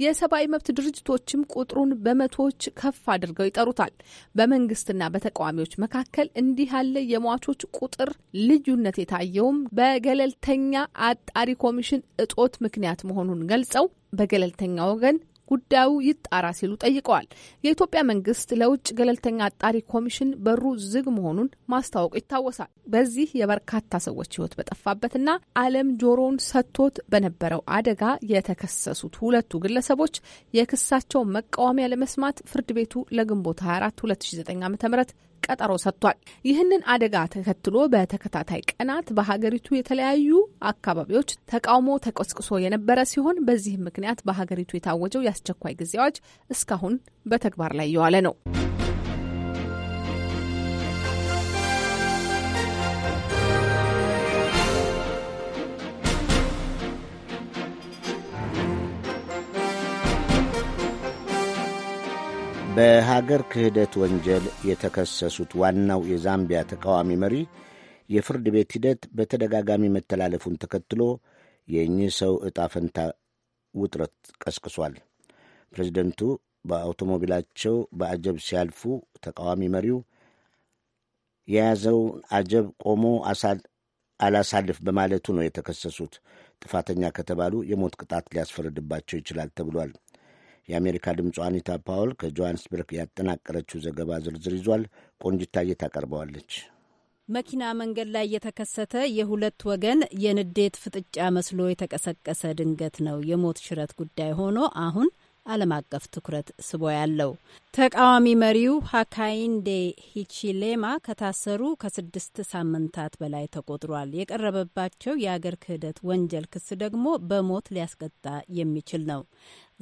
የሰብአዊ መብት ድርጅቶችም ቁጥሩን በመቶዎች ከፍ አድርገው ይጠሩታል። በመንግስትና በተቃዋሚዎች መካከል እንዲህ ያለ የሟቾች ቁጥር ልዩነት የታየውም በገለልተኛ አጣሪ ኮሚሽን እጦት ምክንያት መሆኑን ገልጸው በገለልተኛ ወገን ጉዳዩ ይጣራ ሲሉ ጠይቀዋል። የኢትዮጵያ መንግስት ለውጭ ገለልተኛ አጣሪ ኮሚሽን በሩ ዝግ መሆኑን ማስታወቁ ይታወሳል። በዚህ የበርካታ ሰዎች በጠፋበት በጠፋበትና ዓለም ጆሮውን ሰጥቶት በነበረው አደጋ የተከሰሱት ሁለቱ ግለሰቦች የክሳቸው መቃወሚያ ለመስማት ፍርድ ቤቱ ለግንቦት 24 2009 ም ቀጠሮ ሰጥቷል። ይህንን አደጋ ተከትሎ በተከታታይ ቀናት በሀገሪቱ የተለያዩ አካባቢዎች ተቃውሞ ተቀስቅሶ የነበረ ሲሆን በዚህም ምክንያት በሀገሪቱ የታወጀው የአስቸኳይ ጊዜ አዋጅ እስካሁን በተግባር ላይ የዋለ ነው። በሀገር ክህደት ወንጀል የተከሰሱት ዋናው የዛምቢያ ተቃዋሚ መሪ የፍርድ ቤት ሂደት በተደጋጋሚ መተላለፉን ተከትሎ የእኚህ ሰው ዕጣ ፈንታ ውጥረት ቀስቅሷል። ፕሬዚደንቱ በአውቶሞቢላቸው በአጀብ ሲያልፉ ተቃዋሚ መሪው የያዘውን አጀብ ቆሞ አላሳልፍ በማለቱ ነው የተከሰሱት። ጥፋተኛ ከተባሉ የሞት ቅጣት ሊያስፈርድባቸው ይችላል ተብሏል። የአሜሪካ ድምፅ አኒታ ፓውል ከጆሃንስበርግ ያጠናቀረችው ዘገባ ዝርዝር ይዟል። ቆንጅታየ ታቀርበዋለች። መኪና መንገድ ላይ የተከሰተ የሁለት ወገን የንዴት ፍጥጫ መስሎ የተቀሰቀሰ ድንገት ነው የሞት ሽረት ጉዳይ ሆኖ አሁን ዓለም አቀፍ ትኩረት ስቦ ያለው። ተቃዋሚ መሪው ሀካይንዴ ሂቺሌማ ከታሰሩ ከስድስት ሳምንታት በላይ ተቆጥሯል። የቀረበባቸው የአገር ክህደት ወንጀል ክስ ደግሞ በሞት ሊያስቀጣ የሚችል ነው።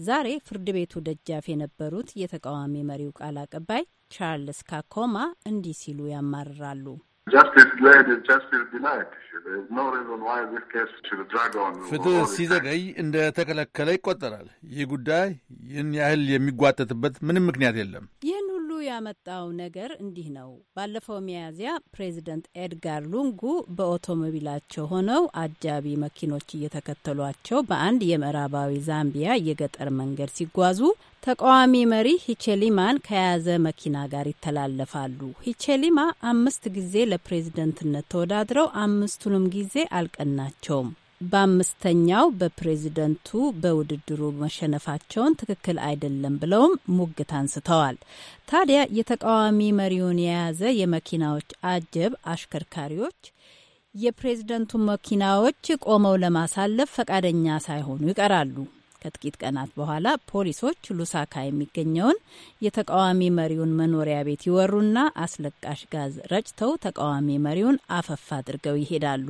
ዛሬ ፍርድ ቤቱ ደጃፍ የነበሩት የተቃዋሚ መሪው ቃል አቀባይ ቻርልስ ካኮማ እንዲህ ሲሉ ያማርራሉ። Justice delayed is justice denied. There is no reason why this case should drag on. ፍትህ ሲዘገይ እንደ ተከለከለ ይቆጠራል። ይህ ጉዳይ ይህን ያህል የሚጓተትበት ምንም ምክንያት የለም። ይህን ያመጣው ነገር እንዲህ ነው። ባለፈው ሚያዝያ ፕሬዚደንት ኤድጋር ሉንጉ በኦቶሞቢላቸው ሆነው አጃቢ መኪኖች እየተከተሏቸው በአንድ የምዕራባዊ ዛምቢያ የገጠር መንገድ ሲጓዙ ተቃዋሚ መሪ ሂቼሊማን ከያዘ መኪና ጋር ይተላለፋሉ። ሂቼሊማ አምስት ጊዜ ለፕሬዝደንትነት ተወዳድረው አምስቱንም ጊዜ አልቀናቸውም። በአምስተኛው በፕሬዝደንቱ በውድድሩ መሸነፋቸውን ትክክል አይደለም ብለውም ሙግት አንስተዋል። ታዲያ የተቃዋሚ መሪውን የያዘ የመኪናዎች አጀብ አሽከርካሪዎች የፕሬዝደንቱ መኪናዎች ቆመው ለማሳለፍ ፈቃደኛ ሳይሆኑ ይቀራሉ። ከጥቂት ቀናት በኋላ ፖሊሶች ሉሳካ የሚገኘውን የተቃዋሚ መሪውን መኖሪያ ቤት ይወሩና አስለቃሽ ጋዝ ረጭተው ተቃዋሚ መሪውን አፈፍ አድርገው ይሄዳሉ።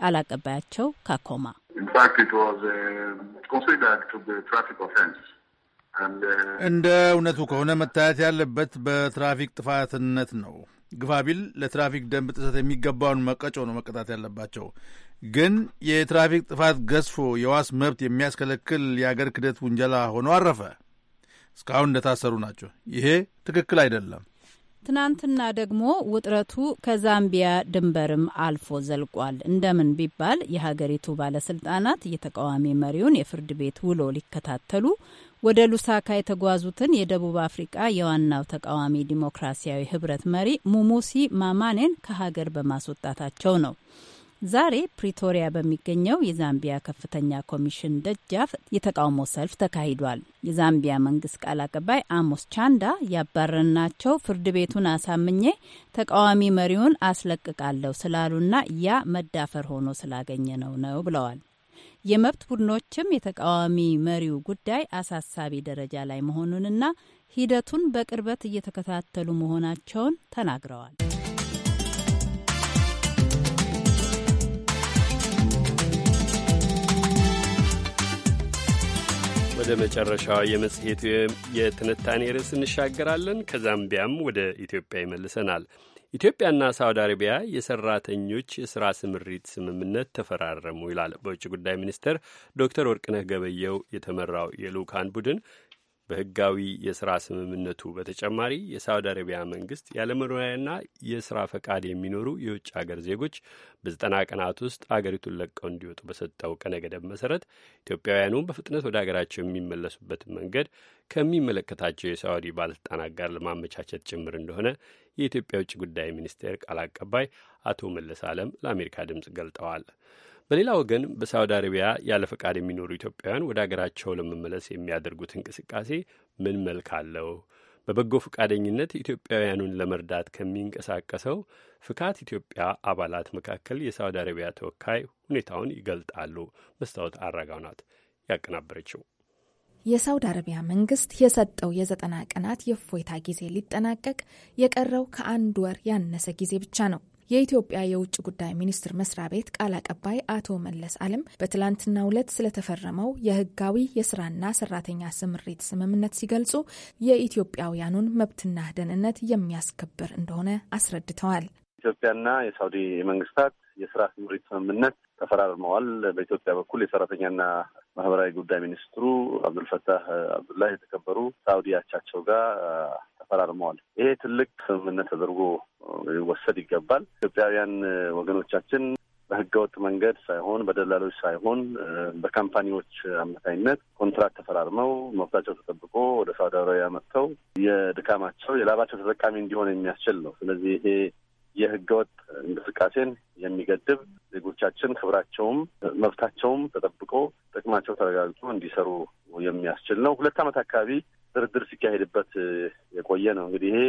ቃል አቀባያቸው ካኮማ um, uh, እንደ እውነቱ ከሆነ መታየት ያለበት በትራፊክ ጥፋትነት ነው። ግፋቢል ለትራፊክ ደንብ ጥሰት የሚገባውን መቀጮ ነው መቀጣት ያለባቸው። ግን የትራፊክ ጥፋት ገዝፎ የዋስ መብት የሚያስከለክል የአገር ክደት ውንጀላ ሆኖ አረፈ። እስካሁን እንደታሰሩ ናቸው። ይሄ ትክክል አይደለም። ትናንትና ደግሞ ውጥረቱ ከዛምቢያ ድንበርም አልፎ ዘልቋል። እንደምን ቢባል የሀገሪቱ ባለስልጣናት የተቃዋሚ መሪውን የፍርድ ቤት ውሎ ሊከታተሉ ወደ ሉሳካ የተጓዙትን የደቡብ አፍሪቃ የዋናው ተቃዋሚ ዲሞክራሲያዊ ህብረት መሪ ሙሙሲ ማማኔን ከሀገር በማስወጣታቸው ነው። ዛሬ ፕሪቶሪያ በሚገኘው የዛምቢያ ከፍተኛ ኮሚሽን ደጃፍ የተቃውሞ ሰልፍ ተካሂዷል። የዛምቢያ መንግስት ቃል አቀባይ አሞስ ቻንዳ ያባረርናቸው ፍርድ ቤቱን አሳምኜ ተቃዋሚ መሪውን አስለቅቃለሁ ስላሉና ያ መዳፈር ሆኖ ስላገኘ ነው ነው ብለዋል። የመብት ቡድኖችም የተቃዋሚ መሪው ጉዳይ አሳሳቢ ደረጃ ላይ መሆኑንና ሂደቱን በቅርበት እየተከታተሉ መሆናቸውን ተናግረዋል። ወደ መጨረሻው የመጽሔቱ የትንታኔ ርዕስ እንሻገራለን። ከዛምቢያም ወደ ኢትዮጵያ ይመልሰናል። ኢትዮጵያና ሳውዲ አረቢያ የሰራተኞች የስራ ስምሪት ስምምነት ተፈራረሙ ይላል በውጭ ጉዳይ ሚኒስቴር ዶክተር ወርቅነህ ገበየው የተመራው የልኡካን ቡድን በህጋዊ የስራ ስምምነቱ በተጨማሪ የሳውዲ አረቢያ መንግስት ያለመኖሪያና የስራ ፈቃድ የሚኖሩ የውጭ አገር ዜጎች በዘጠና ቀናት ውስጥ አገሪቱን ለቀው እንዲወጡ በሰጠው ቀነ ገደብ መሰረት ኢትዮጵያውያኑ በፍጥነት ወደ አገራቸው የሚመለሱበትን መንገድ ከሚመለከታቸው የሳውዲ ባለስልጣናት ጋር ለማመቻቸት ጭምር እንደሆነ የኢትዮጵያ ውጭ ጉዳይ ሚኒስቴር ቃል አቀባይ አቶ መለስ አለም ለአሜሪካ ድምፅ ገልጠዋል። በሌላ ወገን በሳውዲ አረቢያ ያለ ፈቃድ የሚኖሩ ኢትዮጵያውያን ወደ አገራቸው ለመመለስ የሚያደርጉት እንቅስቃሴ ምን መልክ አለው? በበጎ ፈቃደኝነት ኢትዮጵያውያኑን ለመርዳት ከሚንቀሳቀሰው ፍካት ኢትዮጵያ አባላት መካከል የሳውዲ አረቢያ ተወካይ ሁኔታውን ይገልጣሉ። መስታወት አራጋው ናት ያቀናበረችው። የሳውዲ አረቢያ መንግስት የሰጠው የዘጠና ቀናት የእፎይታ ጊዜ ሊጠናቀቅ የቀረው ከአንድ ወር ያነሰ ጊዜ ብቻ ነው። የኢትዮጵያ የውጭ ጉዳይ ሚኒስቴር መስሪያ ቤት ቃል አቀባይ አቶ መለስ አለም በትላንትናው ዕለት ስለተፈረመው የህጋዊ የስራና ሰራተኛ ስምሪት ስምምነት ሲገልጹ የኢትዮጵያውያኑን መብትና ደህንነት የሚያስከብር እንደሆነ አስረድተዋል። ኢትዮጵያና የሳውዲ መንግስታት የስራ ስምሪት ስምምነት ተፈራርመዋል። በኢትዮጵያ በኩል የሰራተኛና ማህበራዊ ጉዳይ ሚኒስትሩ አብዱልፈታህ አብዱላህ የተከበሩ ሳውዲያቻቸው አቻቸው ጋር ተፈራርመዋል። ይሄ ትልቅ ስምምነት ተደርጎ ሊወሰድ ይገባል። ኢትዮጵያውያን ወገኖቻችን በህገወጥ መንገድ ሳይሆን በደላሎች ሳይሆን በካምፓኒዎች አማካኝነት ኮንትራክት ተፈራርመው መብታቸው ተጠብቆ ወደ ሳውዲ አረቢያ መጥተው የድካማቸው የላባቸው ተጠቃሚ እንዲሆን የሚያስችል ነው። ስለዚህ ይሄ የህገወጥ እንቅስቃሴን የሚገድብ ዜጎቻችን ክብራቸውም መብታቸውም ተጠብቆ ጥቅማቸው ተረጋግጦ እንዲሰሩ የሚያስችል ነው። ሁለት ዓመት አካባቢ ድርድር ሲካሄድበት የቆየ ነው። እንግዲህ ይሄ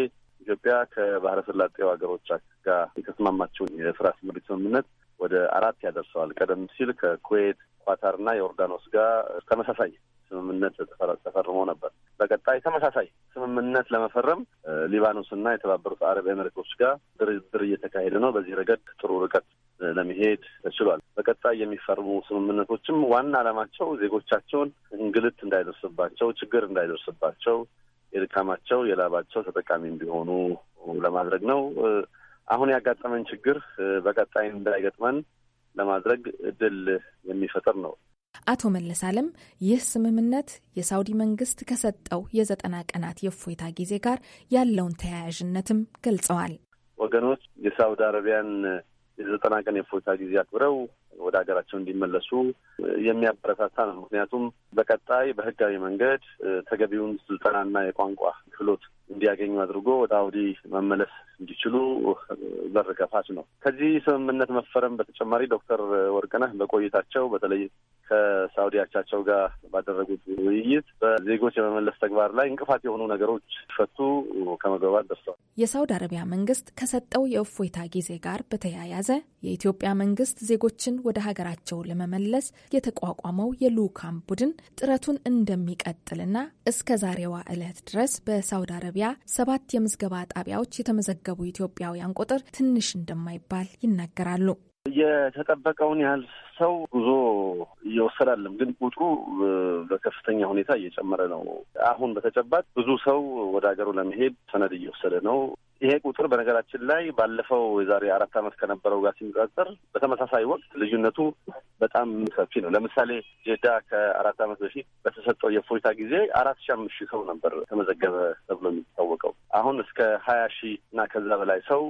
ኢትዮጵያ ከባህረ ስላጤው ሀገሮች ጋር የተስማማቸውን የስራ ስምሪት ስምምነት ወደ አራት ያደርሰዋል። ቀደም ሲል ከኩዌት ኳታርና ዮርዳኖስ ጋር ተመሳሳይ ስምምነት ተፈርሞ ነበር። በቀጣይ ተመሳሳይ ስምምነት ለመፈረም ሊባኖስና የተባበሩት አረብ ኤምሬቶች ጋር ድርድር እየተካሄደ ነው። በዚህ ረገድ ጥሩ ርቀት ለመሄድ ተችሏል። በቀጣይ የሚፈርሙ ስምምነቶችም ዋና ዓላማቸው ዜጎቻቸውን እንግልት እንዳይደርስባቸው፣ ችግር እንዳይደርስባቸው፣ የድካማቸው የላባቸው ተጠቃሚ እንዲሆኑ ለማድረግ ነው። አሁን ያጋጠመን ችግር በቀጣይ እንዳይገጥመን ለማድረግ እድል የሚፈጥር ነው። አቶ መለስ አለም ይህ ስምምነት የሳውዲ መንግስት ከሰጠው የዘጠና ቀናት የእፎይታ ጊዜ ጋር ያለውን ተያያዥነትም ገልጸዋል። ወገኖች የሳውዲ አረቢያን የዘጠና ቀን የእፎይታ ጊዜ አክብረው ወደ ሀገራቸው እንዲመለሱ የሚያበረታታ ነው። ምክንያቱም በቀጣይ በህጋዊ መንገድ ተገቢውን ስልጠናና የቋንቋ ክህሎት እንዲያገኙ አድርጎ ወደ አውዲ መመለስ እንዲችሉ በር ከፋች ነው። ከዚህ ስምምነት መፈረም በተጨማሪ ዶክተር ወርቅነህ በቆይታቸው በተለይ ከሳውዲ አቻቸው ጋር ባደረጉት ውይይት በዜጎች የመመለስ ተግባር ላይ እንቅፋት የሆኑ ነገሮች ፈቱ ከመግባባት ደርሰዋል። የሳውዲ አረቢያ መንግስት ከሰጠው የእፎይታ ጊዜ ጋር በተያያዘ የኢትዮጵያ መንግስት ዜጎችን ወደ ሀገራቸው ለመመለስ የተቋቋመው የሉካም ቡድን ጥረቱን እንደሚቀጥልና እስከ ዛሬዋ ዕለት ድረስ በሳውዲ አረቢያ ሰባት የምዝገባ ጣቢያዎች የተመዘገቡ ኢትዮጵያውያን ቁጥር ትንሽ እንደማይባል ይናገራሉ። የተጠበቀውን ያህል ሰው ጉዞ እየወሰደ አለም፣ ግን ቁጥሩ በከፍተኛ ሁኔታ እየጨመረ ነው። አሁን በተጨባጭ ብዙ ሰው ወደ ሀገሩ ለመሄድ ሰነድ እየወሰደ ነው። ይሄ ቁጥር በነገራችን ላይ ባለፈው የዛሬ አራት ዓመት ከነበረው ጋር ሲነጻጸር በተመሳሳይ ወቅት ልዩነቱ በጣም ሰፊ ነው። ለምሳሌ ጄዳ ከአራት ዓመት በፊት በተሰጠው የእፎይታ ጊዜ አራት ሺ አምስት ሺህ ሰው ነበር ተመዘገበ ተብሎ የሚታወቀው አሁን እስከ ሀያ ሺህ እና ከዛ በላይ ሰው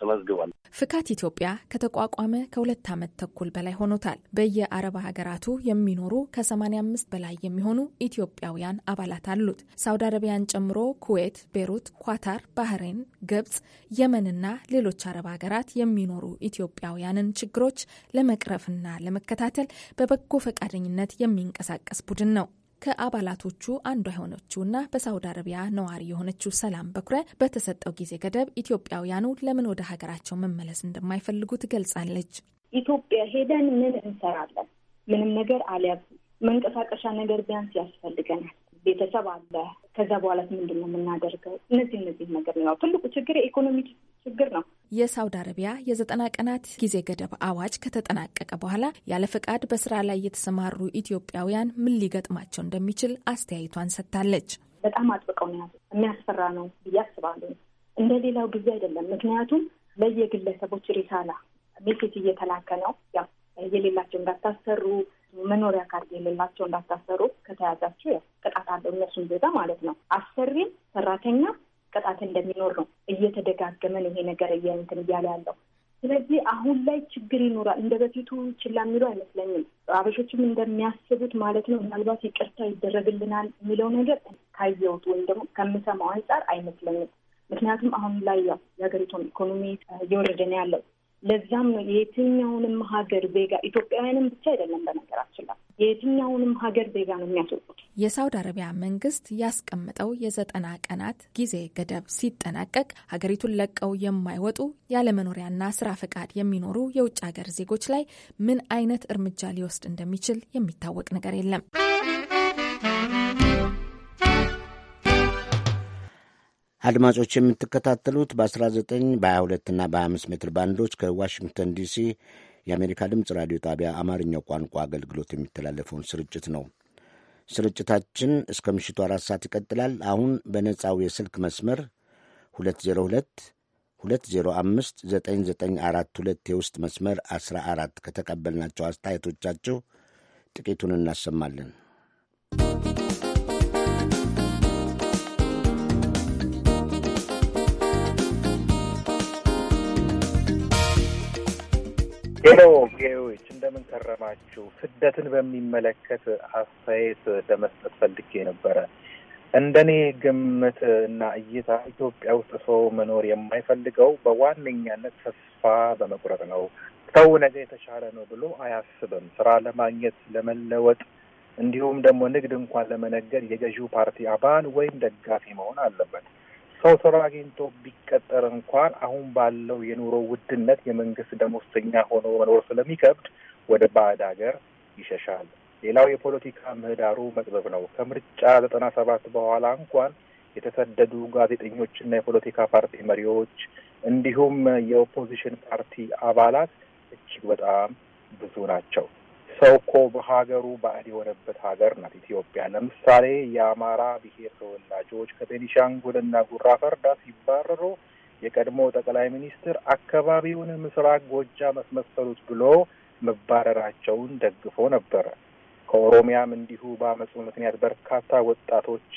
ተመዝግቧል። ፍካት ኢትዮጵያ ከተቋቋመ ከሁለት ዓመት ተኩል በላይ ሆኖታል። በየአረብ ሀገራቱ የሚኖሩ ከሰማንያ አምስት በላይ የሚሆኑ ኢትዮጵያውያን አባላት አሉት። ሳውዲ አረቢያን ጨምሮ ኩዌት፣ ቤሩት፣ ኳታር፣ ባህሬን ግብጽ፣ የመንና ሌሎች አረብ ሀገራት የሚኖሩ ኢትዮጵያውያንን ችግሮች ለመቅረፍና ለመከታተል በበጎ ፈቃደኝነት የሚንቀሳቀስ ቡድን ነው። ከአባላቶቹ አንዷ የሆነችውና በሳውዲ አረቢያ ነዋሪ የሆነችው ሰላም በኩረ በተሰጠው ጊዜ ገደብ ኢትዮጵያውያኑ ለምን ወደ ሀገራቸው መመለስ እንደማይፈልጉ ትገልጻለች። ኢትዮጵያ ሄደን ምን እንሰራለን? ምንም ነገር አልያዝም። መንቀሳቀሻ ነገር ቢያንስ ያስፈልገናል። ቤተሰብ አለ፣ ከዛ በኋላ ምንድን ነው የምናደርገው? እነዚህ እነዚህ ነገር ነው ትልቁ ችግር፣ የኢኮኖሚ ችግር ነው። የሳውዲ አረቢያ የዘጠና ቀናት ጊዜ ገደብ አዋጅ ከተጠናቀቀ በኋላ ያለ ፈቃድ በስራ ላይ የተሰማሩ ኢትዮጵያውያን ምን ሊገጥማቸው እንደሚችል አስተያየቷን ሰጥታለች። በጣም አጥብቀው ነው ያሉት። የሚያስፈራ ነው ብዬ አስባለሁ። እንደ ሌላው ጊዜ አይደለም። ምክንያቱም ለየግለሰቦች ሪሳላ ሜሴጅ እየተላከ ነው ያው የሌላቸው እንዳታሰሩ መኖሪያ ካርድ የሌላቸው እንዳታሰሩ ከተያዛቸው ቅጣት አለው እነሱን ዜጋ ማለት ነው። አሰሪም ሰራተኛ ቅጣት እንደሚኖር ነው እየተደጋገመን ይሄ ነገር እንትን እያለ ያለው። ስለዚህ አሁን ላይ ችግር ይኖራል። እንደ በፊቱ ችላ የሚሉ አይመስለኝም። አበሾችም እንደሚያስቡት ማለት ነው ምናልባት ይቅርታ ይደረግልናል የሚለው ነገር ካየሁት ወይም ደግሞ ከምሰማው አንጻር አይመስለኝም። ምክንያቱም አሁን ላይ ያው የሀገሪቱን ኢኮኖሚ እየወረደ ነው ያለው። ለዛም ነው የትኛውንም ሀገር ዜጋ ኢትዮጵያውያንም ብቻ አይደለም በነገራችን ላይ የትኛውንም ሀገር ዜጋ ነው የሚያስወጡት። የሳውዲ አረቢያ መንግስት ያስቀመጠው የዘጠና ቀናት ጊዜ ገደብ ሲጠናቀቅ ሀገሪቱን ለቀው የማይወጡ ያለመኖሪያና ስራ ፈቃድ የሚኖሩ የውጭ ሀገር ዜጎች ላይ ምን አይነት እርምጃ ሊወስድ እንደሚችል የሚታወቅ ነገር የለም። አድማጮች የምትከታተሉት በ19 በ22 እና በ25 ሜትር ባንዶች ከዋሽንግተን ዲሲ የአሜሪካ ድምፅ ራዲዮ ጣቢያ አማርኛው ቋንቋ አገልግሎት የሚተላለፈውን ስርጭት ነው። ስርጭታችን እስከ ምሽቱ አራት ሰዓት ይቀጥላል። አሁን በነጻው የስልክ መስመር 202 የውስጥ መስመር 14 ከተቀበልናቸው አስተያየቶቻችሁ ጥቂቱን እናሰማለን። ሄሎ ጌዎች እንደምን ከረማችሁ? ስደትን በሚመለከት አስተያየት ለመስጠት ፈልጌ ነበረ። እንደኔ ግምት እና እይታ ኢትዮጵያ ውስጥ ሰው መኖር የማይፈልገው በዋነኛነት ተስፋ በመቁረጥ ነው። ሰው ነገ የተሻለ ነው ብሎ አያስብም። ስራ ለማግኘት ለመለወጥ፣ እንዲሁም ደግሞ ንግድ እንኳን ለመነገድ የገዢው ፓርቲ አባል ወይም ደጋፊ መሆን አለበት። ሰው ስራ አግኝቶ ቢቀጠር እንኳን አሁን ባለው የኑሮ ውድነት የመንግስት ደሞዝተኛ ሆኖ መኖር ስለሚከብድ ወደ ባዕድ ሀገር ይሸሻል። ሌላው የፖለቲካ ምህዳሩ መጥበብ ነው። ከምርጫ ዘጠና ሰባት በኋላ እንኳን የተሰደዱ ጋዜጠኞችና የፖለቲካ ፓርቲ መሪዎች እንዲሁም የኦፖዚሽን ፓርቲ አባላት እጅግ በጣም ብዙ ናቸው። ሰው እኮ በሀገሩ ባዕድ የሆነበት ሀገር ናት ኢትዮጵያ። ለምሳሌ የአማራ ብሔር ተወላጆች ከቤኒሻንጉልና ጉራ ፈርዳ ሲባረሩ የቀድሞ ጠቅላይ ሚኒስትር አካባቢውን ምስራቅ ጎጃ መስመሰሉት ብሎ መባረራቸውን ደግፎ ነበረ። ከኦሮሚያም እንዲሁ በአመፁ ምክንያት በርካታ ወጣቶች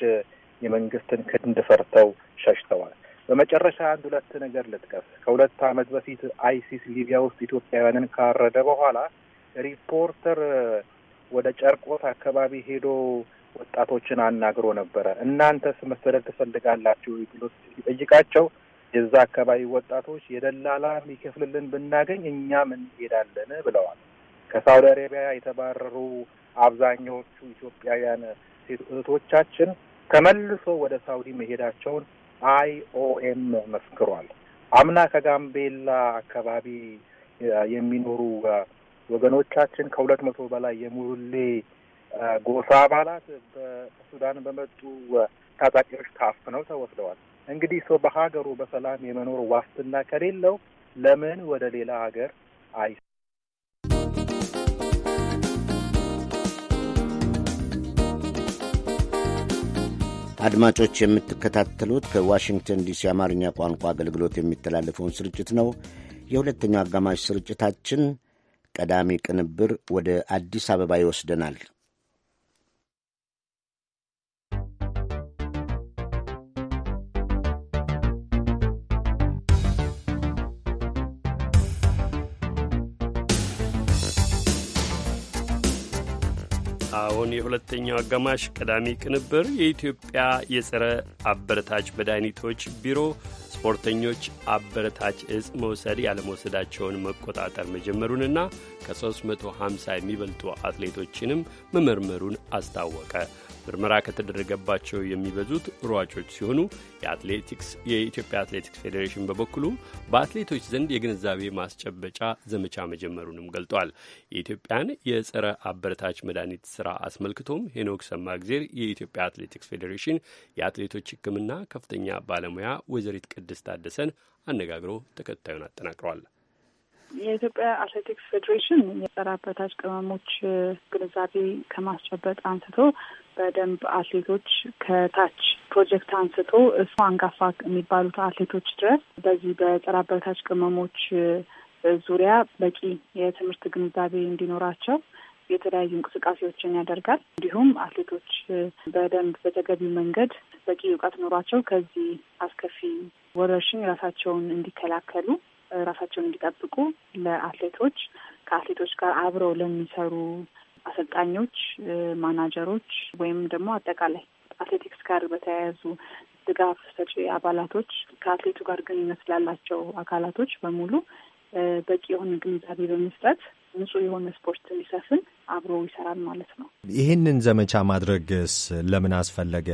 የመንግስትን ክንድ ፈርተው ሸሽተዋል። በመጨረሻ አንድ ሁለት ነገር ልጥቀስ። ከሁለት አመት በፊት አይሲስ ሊቢያ ውስጥ ኢትዮጵያውያንን ካረደ በኋላ ሪፖርተር ወደ ጨርቆስ አካባቢ ሄዶ ወጣቶችን አናግሮ ነበረ። እናንተስ መሰደድ ትፈልጋላችሁ ብሎ ሲጠይቃቸው የዛ አካባቢ ወጣቶች የደላላ የሚከፍልልን ብናገኝ እኛም እንሄዳለን ብለዋል። ከሳውዲ አረቢያ የተባረሩ አብዛኛዎቹ ኢትዮጵያውያን ሴት እህቶቻችን ተመልሶ ወደ ሳውዲ መሄዳቸውን አይኦኤም መስክሯል። አምና ከጋምቤላ አካባቢ የሚኖሩ ወገኖቻችን ከሁለት መቶ በላይ የሙርሌ ጎሳ አባላት በሱዳን በመጡ ታጣቂዎች ታፍነው ተወስደዋል። እንግዲህ ሰው በሀገሩ በሰላም የመኖር ዋስትና ከሌለው ለምን ወደ ሌላ ሀገር አይ አድማጮች የምትከታተሉት ከዋሽንግተን ዲሲ አማርኛ ቋንቋ አገልግሎት የሚተላለፈውን ስርጭት ነው። የሁለተኛው አጋማሽ ስርጭታችን ቀዳሚ ቅንብር ወደ አዲስ አበባ ይወስደናል። አሁን የሁለተኛው አጋማሽ ቀዳሚ ቅንብር የኢትዮጵያ የጸረ አበረታች መድኃኒቶች ቢሮ ስፖርተኞች አበረታች እጽ መውሰድ ያለመውሰዳቸውን መቆጣጠር መጀመሩንና ከ350 የሚበልጡ አትሌቶችንም መመርመሩን አስታወቀ። ምርመራ ከተደረገባቸው የሚበዙት ሯጮች ሲሆኑ የአትሌቲክስ የኢትዮጵያ አትሌቲክስ ፌዴሬሽን በበኩሉ በአትሌቶች ዘንድ የግንዛቤ ማስጨበጫ ዘመቻ መጀመሩንም ገልጧል። የኢትዮጵያን የጸረ አበረታች መድኃኒት ስራ አስመልክቶም ሄኖክ ሰማእግዜር የኢትዮጵያ አትሌቲክስ ፌዴሬሽን የአትሌቶች ሕክምና ከፍተኛ ባለሙያ ወይዘሪት ቅድስት ታደሰን አነጋግሮ ተከታዩን አጠናቅሯል። የኢትዮጵያ አትሌቲክስ ፌዴሬሽን የጸረ አበረታች ቅመሞች ግንዛቤ ከማስጨበጥ አንስቶ በደንብ አትሌቶች ከታች ፕሮጀክት አንስቶ እሱ አንጋፋ የሚባሉት አትሌቶች ድረስ በዚህ በጸረ አበረታች ቅመሞች ዙሪያ በቂ የትምህርት ግንዛቤ እንዲኖራቸው የተለያዩ እንቅስቃሴዎችን ያደርጋል። እንዲሁም አትሌቶች በደንብ በተገቢው መንገድ በቂ እውቀት ኖሯቸው ከዚህ አስከፊ ወረርሽኝ ራሳቸውን እንዲከላከሉ ራሳቸውን እንዲጠብቁ ለአትሌቶች ከአትሌቶች ጋር አብረው ለሚሰሩ አሰልጣኞች፣ ማናጀሮች ወይም ደግሞ አጠቃላይ አትሌቲክስ ጋር በተያያዙ ድጋፍ ሰጪ አባላቶች ከአትሌቱ ጋር ግንኙነት ላላቸው አካላቶች በሙሉ በቂ የሆነ ግንዛቤ በመስጠት ንጹህ የሆነ ስፖርት ሊሰፍን አብሮ ይሰራል ማለት ነው። ይህንን ዘመቻ ማድረግስ ለምን አስፈለገ?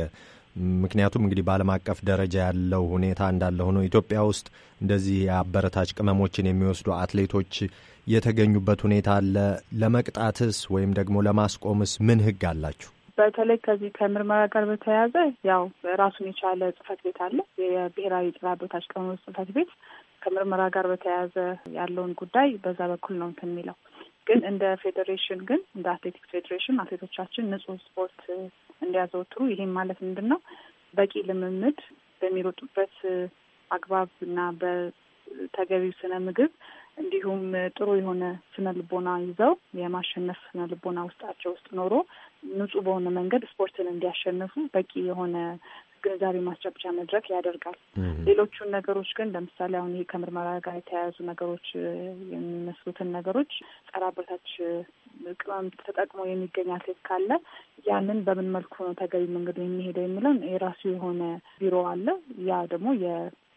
ምክንያቱም እንግዲህ በዓለም አቀፍ ደረጃ ያለው ሁኔታ እንዳለ ሆኖ ኢትዮጵያ ውስጥ እንደዚህ የአበረታች ቅመሞችን የሚወስዱ አትሌቶች የተገኙበት ሁኔታ አለ። ለመቅጣትስ ወይም ደግሞ ለማስቆምስ ምን ህግ አላችሁ? በተለይ ከዚህ ከምርመራ ጋር በተያያዘ ያው ራሱን የቻለ ጽህፈት ቤት አለ። የብሔራዊ ጥራ ቤታች ቀመሮች ጽህፈት ቤት ከምርመራ ጋር በተያያዘ ያለውን ጉዳይ በዛ በኩል ነው እንትን የሚለው ግን እንደ ፌዴሬሽን ግን እንደ አትሌቲክስ ፌዴሬሽን አትሌቶቻችን ንጹህ ስፖርት እንዲያዘወትሩ ይሄም ማለት ምንድን ነው በቂ ልምምድ በሚሮጡበት አግባብ እና በተገቢው ስነ ምግብ እንዲሁም ጥሩ የሆነ ስነ ልቦና ይዘው የማሸነፍ ስነ ልቦና ውስጣቸው ውስጥ ኖሮ ንጹህ በሆነ መንገድ ስፖርትን እንዲያሸንፉ በቂ የሆነ ግንዛቤ ማስጨበጫ መድረክ ያደርጋል። ሌሎቹን ነገሮች ግን ለምሳሌ አሁን ይሄ ከምርመራ ጋር የተያያዙ ነገሮች የሚመስሉትን ነገሮች ጸረ አበረታች ቅመም ተጠቅሞ የሚገኝ አትሌት ካለ ያንን በምን መልኩ ነው ተገቢ መንገዱ የሚሄደው የሚለውን የራሱ የሆነ ቢሮ አለ። ያ ደግሞ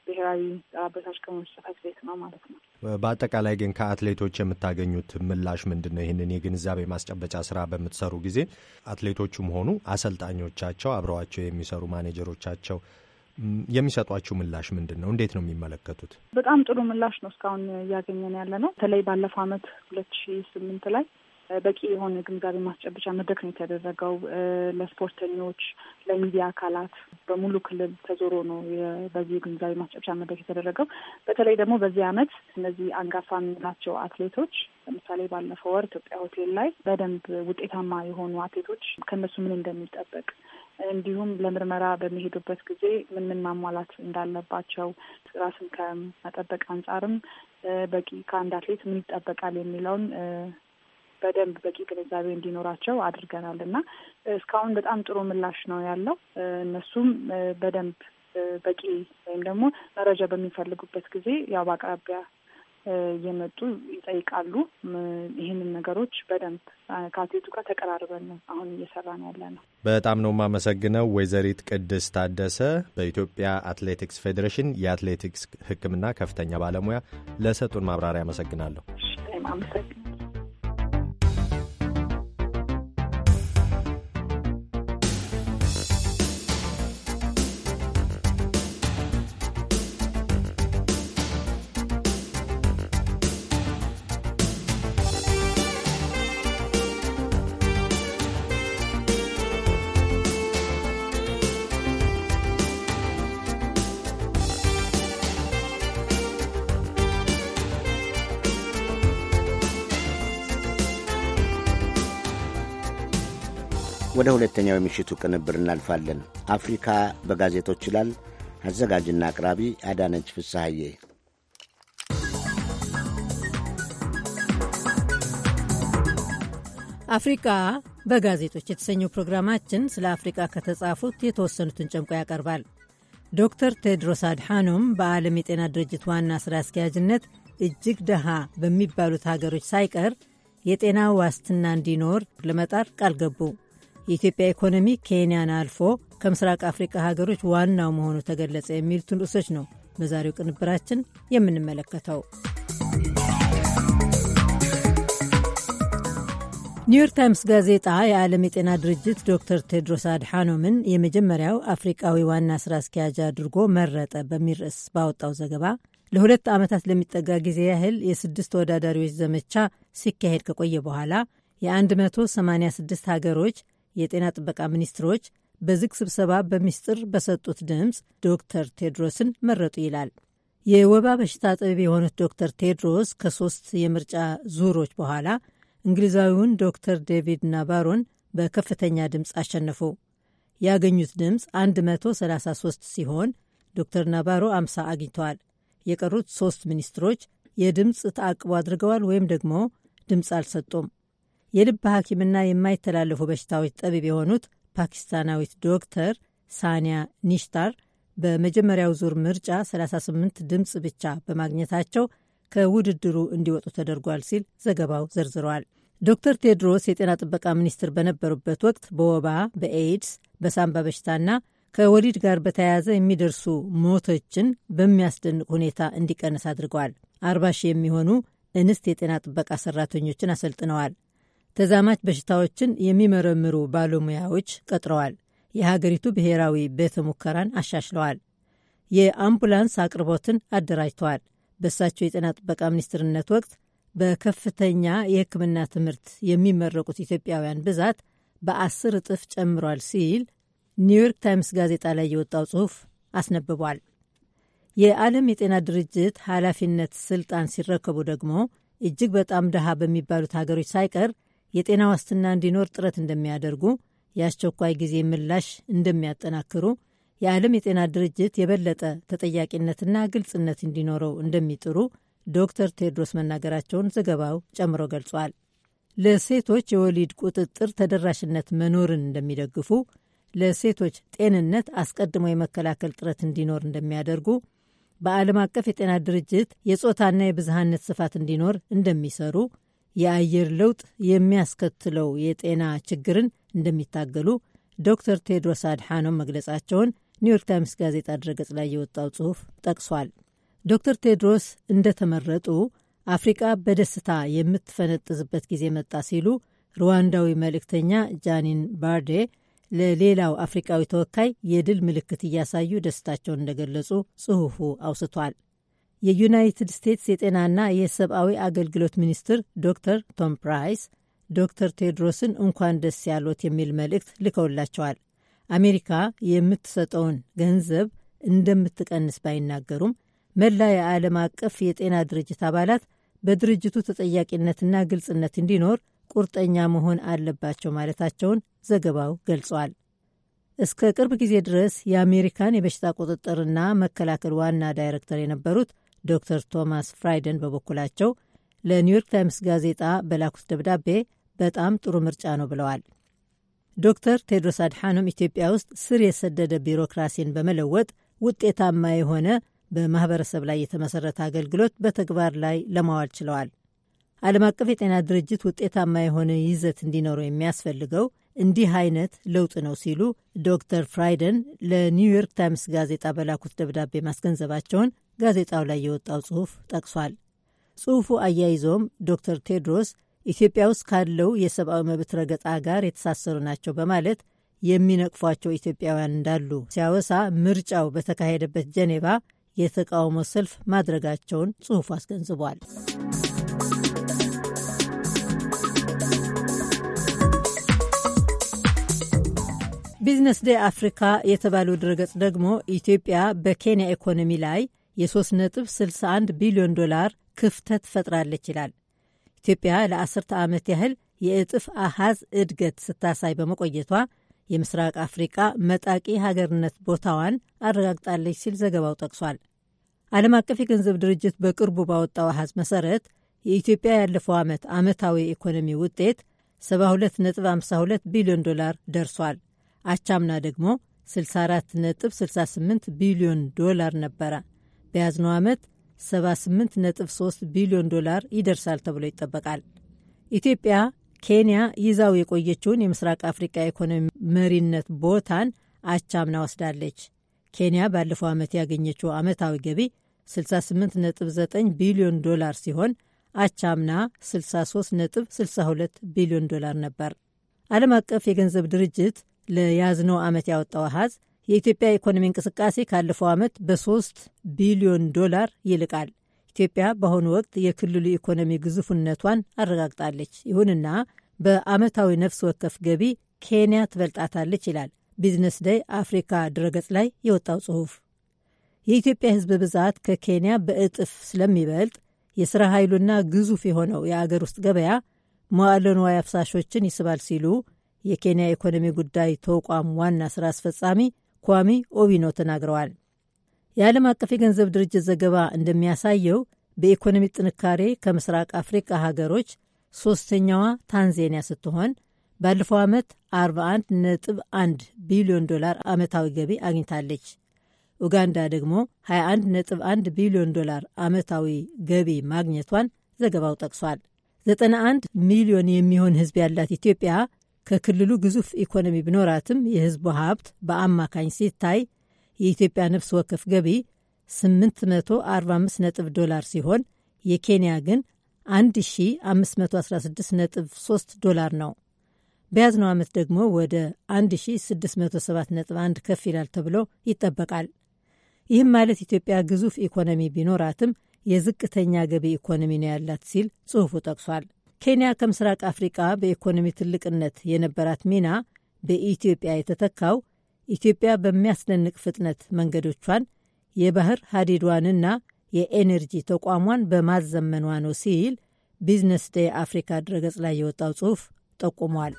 ብሔራዊ ፀረ አበሳጭ ቤት ነው ማለት ነው። በአጠቃላይ ግን ከአትሌቶች የምታገኙት ምላሽ ምንድን ነው? ይህንን የግንዛቤ ማስጨበጫ ስራ በምትሰሩ ጊዜ አትሌቶቹም ሆኑ አሰልጣኞቻቸው፣ አብረዋቸው የሚሰሩ ማኔጀሮቻቸው የሚሰጧችሁ ምላሽ ምንድን ነው? እንዴት ነው የሚመለከቱት? በጣም ጥሩ ምላሽ ነው እስካሁን እያገኘን ያለ ነው። በተለይ ባለፈው አመት ሁለት ሺ ስምንት ላይ በቂ የሆነ ግንዛቤ ማስጨበጫ መድረክ ነው የተደረገው። ለስፖርተኞች፣ ለሚዲያ አካላት በሙሉ ክልል ተዞሮ ነው በዚህ ግንዛቤ ማስጨበጫ መድረክ የተደረገው። በተለይ ደግሞ በዚህ አመት እነዚህ አንጋፋ የምንላቸው አትሌቶች ለምሳሌ ባለፈው ወር ኢትዮጵያ ሆቴል ላይ በደንብ ውጤታማ የሆኑ አትሌቶች ከነሱ ምን እንደሚጠበቅ እንዲሁም ለምርመራ በሚሄዱበት ጊዜ ምን ምን ማሟላት እንዳለባቸው ራስን ከመጠበቅ አንጻርም በቂ ከአንድ አትሌት ምን ይጠበቃል የሚለውን በደንብ በቂ ግንዛቤ እንዲኖራቸው አድርገናል እና እስካሁን በጣም ጥሩ ምላሽ ነው ያለው። እነሱም በደንብ በቂ ወይም ደግሞ መረጃ በሚፈልጉበት ጊዜ ያው በአቅራቢያ እየመጡ ይጠይቃሉ። ይህንን ነገሮች በደንብ ከአትሌቱ ጋር ተቀራርበን ነው አሁን እየሰራ ነው ያለ ነው። በጣም ነው የማመሰግነው ወይዘሪት ቅድስት ታደሰ በኢትዮጵያ አትሌቲክስ ፌዴሬሽን የአትሌቲክስ ሕክምና ከፍተኛ ባለሙያ ለሰጡን ማብራሪያ አመሰግናለሁ። አመሰግናለሁ። ሁለተኛው የምሽቱ ቅንብር እናልፋለን። አፍሪካ በጋዜጦች ይላል። አዘጋጅና አቅራቢ አዳነች ፍስሐዬ። አፍሪቃ በጋዜጦች የተሰኘው ፕሮግራማችን ስለ አፍሪቃ ከተጻፉት የተወሰኑትን ጨምቆ ያቀርባል። ዶክተር ቴድሮስ አድሓኖም በዓለም የጤና ድርጅት ዋና ሥራ አስኪያጅነት እጅግ ደሃ በሚባሉት ሀገሮች ሳይቀር የጤና ዋስትና እንዲኖር ለመጣር ቃል ገቡ። የኢትዮጵያ ኢኮኖሚ ኬንያን አልፎ ከምስራቅ አፍሪካ ሀገሮች ዋናው መሆኑ ተገለጸ የሚሉትን ርዕሶች ነው በዛሬው ቅንብራችን የምንመለከተው። ኒውዮርክ ታይምስ ጋዜጣ የዓለም የጤና ድርጅት ዶክተር ቴድሮስ አድሓኖምን የመጀመሪያው አፍሪቃዊ ዋና ስራ አስኪያጅ አድርጎ መረጠ በሚል ርዕስ ባወጣው ዘገባ ለሁለት ዓመታት ለሚጠጋ ጊዜ ያህል የስድስት ተወዳዳሪዎች ዘመቻ ሲካሄድ ከቆየ በኋላ የ186 ሀገሮች የጤና ጥበቃ ሚኒስትሮች በዝግ ስብሰባ በሚስጥር በሰጡት ድምፅ ዶክተር ቴድሮስን መረጡ ይላል። የወባ በሽታ ጠቢብ የሆኑት ዶክተር ቴድሮስ ከሶስት የምርጫ ዙሮች በኋላ እንግሊዛዊውን ዶክተር ዴቪድ ናባሮን በከፍተኛ ድምፅ አሸነፉ። ያገኙት ድምፅ 133 ሲሆን ዶክተር ናባሮ 50 አግኝተዋል። የቀሩት ሶስት ሚኒስትሮች የድምፅ ተአቅቦ አድርገዋል ወይም ደግሞ ድምፅ አልሰጡም። የልብ ሐኪምና የማይተላለፉ በሽታዎች ጠቢብ የሆኑት ፓኪስታናዊት ዶክተር ሳኒያ ኒሽታር በመጀመሪያው ዙር ምርጫ 38 ድምፅ ብቻ በማግኘታቸው ከውድድሩ እንዲወጡ ተደርጓል ሲል ዘገባው ዘርዝሯል። ዶክተር ቴድሮስ የጤና ጥበቃ ሚኒስትር በነበሩበት ወቅት በወባ፣ በኤድስ፣ በሳምባ በሽታና ከወሊድ ጋር በተያያዘ የሚደርሱ ሞቶችን በሚያስደንቅ ሁኔታ እንዲቀንስ አድርገዋል። አርባ ሺህ የሚሆኑ እንስት የጤና ጥበቃ ሰራተኞችን አሰልጥነዋል። ተዛማች በሽታዎችን የሚመረምሩ ባለሙያዎች ቀጥረዋል። የሀገሪቱ ብሔራዊ ቤተ ሙከራን አሻሽለዋል። የአምቡላንስ አቅርቦትን አደራጅተዋል። በእሳቸው የጤና ጥበቃ ሚኒስትርነት ወቅት በከፍተኛ የሕክምና ትምህርት የሚመረቁት ኢትዮጵያውያን ብዛት በአስር እጥፍ ጨምሯል ሲል ኒውዮርክ ታይምስ ጋዜጣ ላይ የወጣው ጽሑፍ አስነብቧል። የዓለም የጤና ድርጅት ኃላፊነት ስልጣን ሲረከቡ ደግሞ እጅግ በጣም ድሃ በሚባሉት ሀገሮች ሳይቀር የጤና ዋስትና እንዲኖር ጥረት እንደሚያደርጉ፣ የአስቸኳይ ጊዜ ምላሽ እንደሚያጠናክሩ፣ የዓለም የጤና ድርጅት የበለጠ ተጠያቂነትና ግልጽነት እንዲኖረው እንደሚጥሩ ዶክተር ቴድሮስ መናገራቸውን ዘገባው ጨምሮ ገልጿል። ለሴቶች የወሊድ ቁጥጥር ተደራሽነት መኖርን እንደሚደግፉ፣ ለሴቶች ጤንነት አስቀድሞ የመከላከል ጥረት እንዲኖር እንደሚያደርጉ፣ በዓለም አቀፍ የጤና ድርጅት የጾታና የብዝሃነት ስፋት እንዲኖር እንደሚሰሩ የአየር ለውጥ የሚያስከትለው የጤና ችግርን እንደሚታገሉ ዶክተር ቴድሮስ አድሓኖም መግለጻቸውን ኒውዮርክ ታይምስ ጋዜጣ ድረገጽ ላይ የወጣው ጽሑፍ ጠቅሷል። ዶክተር ቴድሮስ እንደተመረጡ አፍሪቃ በደስታ የምትፈነጥዝበት ጊዜ መጣ ሲሉ ሩዋንዳዊ መልእክተኛ ጃኒን ባርዴ ለሌላው አፍሪቃዊ ተወካይ የድል ምልክት እያሳዩ ደስታቸውን እንደገለጹ ጽሑፉ አውስቷል። የዩናይትድ ስቴትስ የጤናና የሰብአዊ አገልግሎት ሚኒስትር ዶክተር ቶም ፕራይስ ዶክተር ቴድሮስን እንኳን ደስ ያሎት የሚል መልእክት ልከውላቸዋል። አሜሪካ የምትሰጠውን ገንዘብ እንደምትቀንስ ባይናገሩም መላ የዓለም አቀፍ የጤና ድርጅት አባላት በድርጅቱ ተጠያቂነትና ግልጽነት እንዲኖር ቁርጠኛ መሆን አለባቸው ማለታቸውን ዘገባው ገልጿል። እስከ ቅርብ ጊዜ ድረስ የአሜሪካን የበሽታ ቁጥጥርና መከላከል ዋና ዳይሬክተር የነበሩት ዶክተር ቶማስ ፍራይደን በበኩላቸው ለኒውዮርክ ታይምስ ጋዜጣ በላኩት ደብዳቤ በጣም ጥሩ ምርጫ ነው ብለዋል። ዶክተር ቴድሮስ አድሓኖም ኢትዮጵያ ውስጥ ስር የሰደደ ቢሮክራሲን በመለወጥ ውጤታማ የሆነ በማህበረሰብ ላይ የተመሰረተ አገልግሎት በተግባር ላይ ለማዋል ችለዋል። ዓለም አቀፍ የጤና ድርጅት ውጤታማ የሆነ ይዘት እንዲኖሩ የሚያስፈልገው እንዲህ አይነት ለውጥ ነው ሲሉ ዶክተር ፍራይደን ለኒውዮርክ ታይምስ ጋዜጣ በላኩት ደብዳቤ ማስገንዘባቸውን ጋዜጣው ላይ የወጣው ጽሑፍ ጠቅሷል። ጽሑፉ አያይዞም ዶክተር ቴድሮስ ኢትዮጵያ ውስጥ ካለው የሰብአዊ መብት ረገጣ ጋር የተሳሰሩ ናቸው በማለት የሚነቅፏቸው ኢትዮጵያውያን እንዳሉ ሲያወሳ ምርጫው በተካሄደበት ጀኔቫ የተቃውሞ ሰልፍ ማድረጋቸውን ጽሑፉ አስገንዝቧል። ቢዝነስ ዴይ አፍሪካ የተባለው ድረገጽ ደግሞ ኢትዮጵያ በኬንያ ኢኮኖሚ ላይ የ3.61 ቢሊዮን ዶላር ክፍተት ፈጥራለች ይላል። ኢትዮጵያ ለአስርተ ዓመት ያህል የእጥፍ አሃዝ እድገት ስታሳይ በመቆየቷ የምስራቅ አፍሪቃ መጣቂ ሀገርነት ቦታዋን አረጋግጣለች ሲል ዘገባው ጠቅሷል። ዓለም አቀፍ የገንዘብ ድርጅት በቅርቡ ባወጣው አሃዝ መሰረት የኢትዮጵያ ያለፈው ዓመት ዓመታዊ የኢኮኖሚ ውጤት 72.52 ቢሊዮን ዶላር ደርሷል። አቻምና ደግሞ 64.68 ቢሊዮን ዶላር ነበረ። በያዝነው ዓመት 78.3 ቢሊዮን ዶላር ይደርሳል ተብሎ ይጠበቃል። ኢትዮጵያ ኬንያ ይዛው የቆየችውን የምስራቅ አፍሪቃ ኢኮኖሚ መሪነት ቦታን አቻምና ወስዳለች። ኬንያ ባለፈው ዓመት ያገኘችው ዓመታዊ ገቢ 68.9 ቢሊዮን ዶላር ሲሆን አቻምና 63.62 ቢሊዮን ዶላር ነበር። ዓለም አቀፍ የገንዘብ ድርጅት ለያዝነው ዓመት ያወጣው አሃዝ የኢትዮጵያ የኢኮኖሚ እንቅስቃሴ ካለፈው ዓመት በሶስት ቢሊዮን ዶላር ይልቃል። ኢትዮጵያ በአሁኑ ወቅት የክልሉ ኢኮኖሚ ግዙፍነቷን አረጋግጣለች። ይሁንና በአመታዊ ነፍስ ወከፍ ገቢ ኬንያ ትበልጣታለች ይላል ቢዝነስ ደይ አፍሪካ ድረገጽ ላይ የወጣው ጽሑፍ። የኢትዮጵያ ሕዝብ ብዛት ከኬንያ በእጥፍ ስለሚበልጥ የሥራ ኃይሉና ግዙፍ የሆነው የአገር ውስጥ ገበያ መዋዕለ ንዋይ አፍሳሾችን ይስባል ሲሉ የኬንያ ኢኮኖሚ ጉዳይ ተቋም ዋና ሥራ አስፈጻሚ ኳሚ ኦቢኖ ተናግረዋል። የዓለም አቀፍ የገንዘብ ድርጅት ዘገባ እንደሚያሳየው በኢኮኖሚ ጥንካሬ ከምስራቅ አፍሪካ ሀገሮች ሶስተኛዋ ታንዜኒያ ስትሆን ባለፈው ዓመት 41 ነጥብ 1 ቢሊዮን ዶላር ዓመታዊ ገቢ አግኝታለች። ኡጋንዳ ደግሞ 21 ነጥብ 1 ቢሊዮን ዶላር ዓመታዊ ገቢ ማግኘቷን ዘገባው ጠቅሷል። 91 ሚሊዮን የሚሆን ሕዝብ ያላት ኢትዮጵያ ከክልሉ ግዙፍ ኢኮኖሚ ቢኖራትም የህዝቡ ሀብት በአማካኝ ሲታይ የኢትዮጵያ ነፍስ ወከፍ ገቢ 845 ነጥብ ዶላር ሲሆን የኬንያ ግን 1516 ነጥብ 3 ዶላር ነው። በያዝነው ዓመት ደግሞ ወደ 1671 ከፍ ይላል ተብሎ ይጠበቃል። ይህም ማለት ኢትዮጵያ ግዙፍ ኢኮኖሚ ቢኖራትም የዝቅተኛ ገቢ ኢኮኖሚ ነው ያላት ሲል ጽሑፉ ጠቅሷል። ኬንያ ከምስራቅ አፍሪቃ በኢኮኖሚ ትልቅነት የነበራት ሚና በኢትዮጵያ የተተካው ኢትዮጵያ በሚያስደንቅ ፍጥነት መንገዶቿን የባህር ሀዲዷንና የኤነርጂ ተቋሟን በማዘመኗ ነው ሲል ቢዝነስ ዴይ አፍሪካ ድረገጽ ላይ የወጣው ጽሑፍ ጠቁሟል።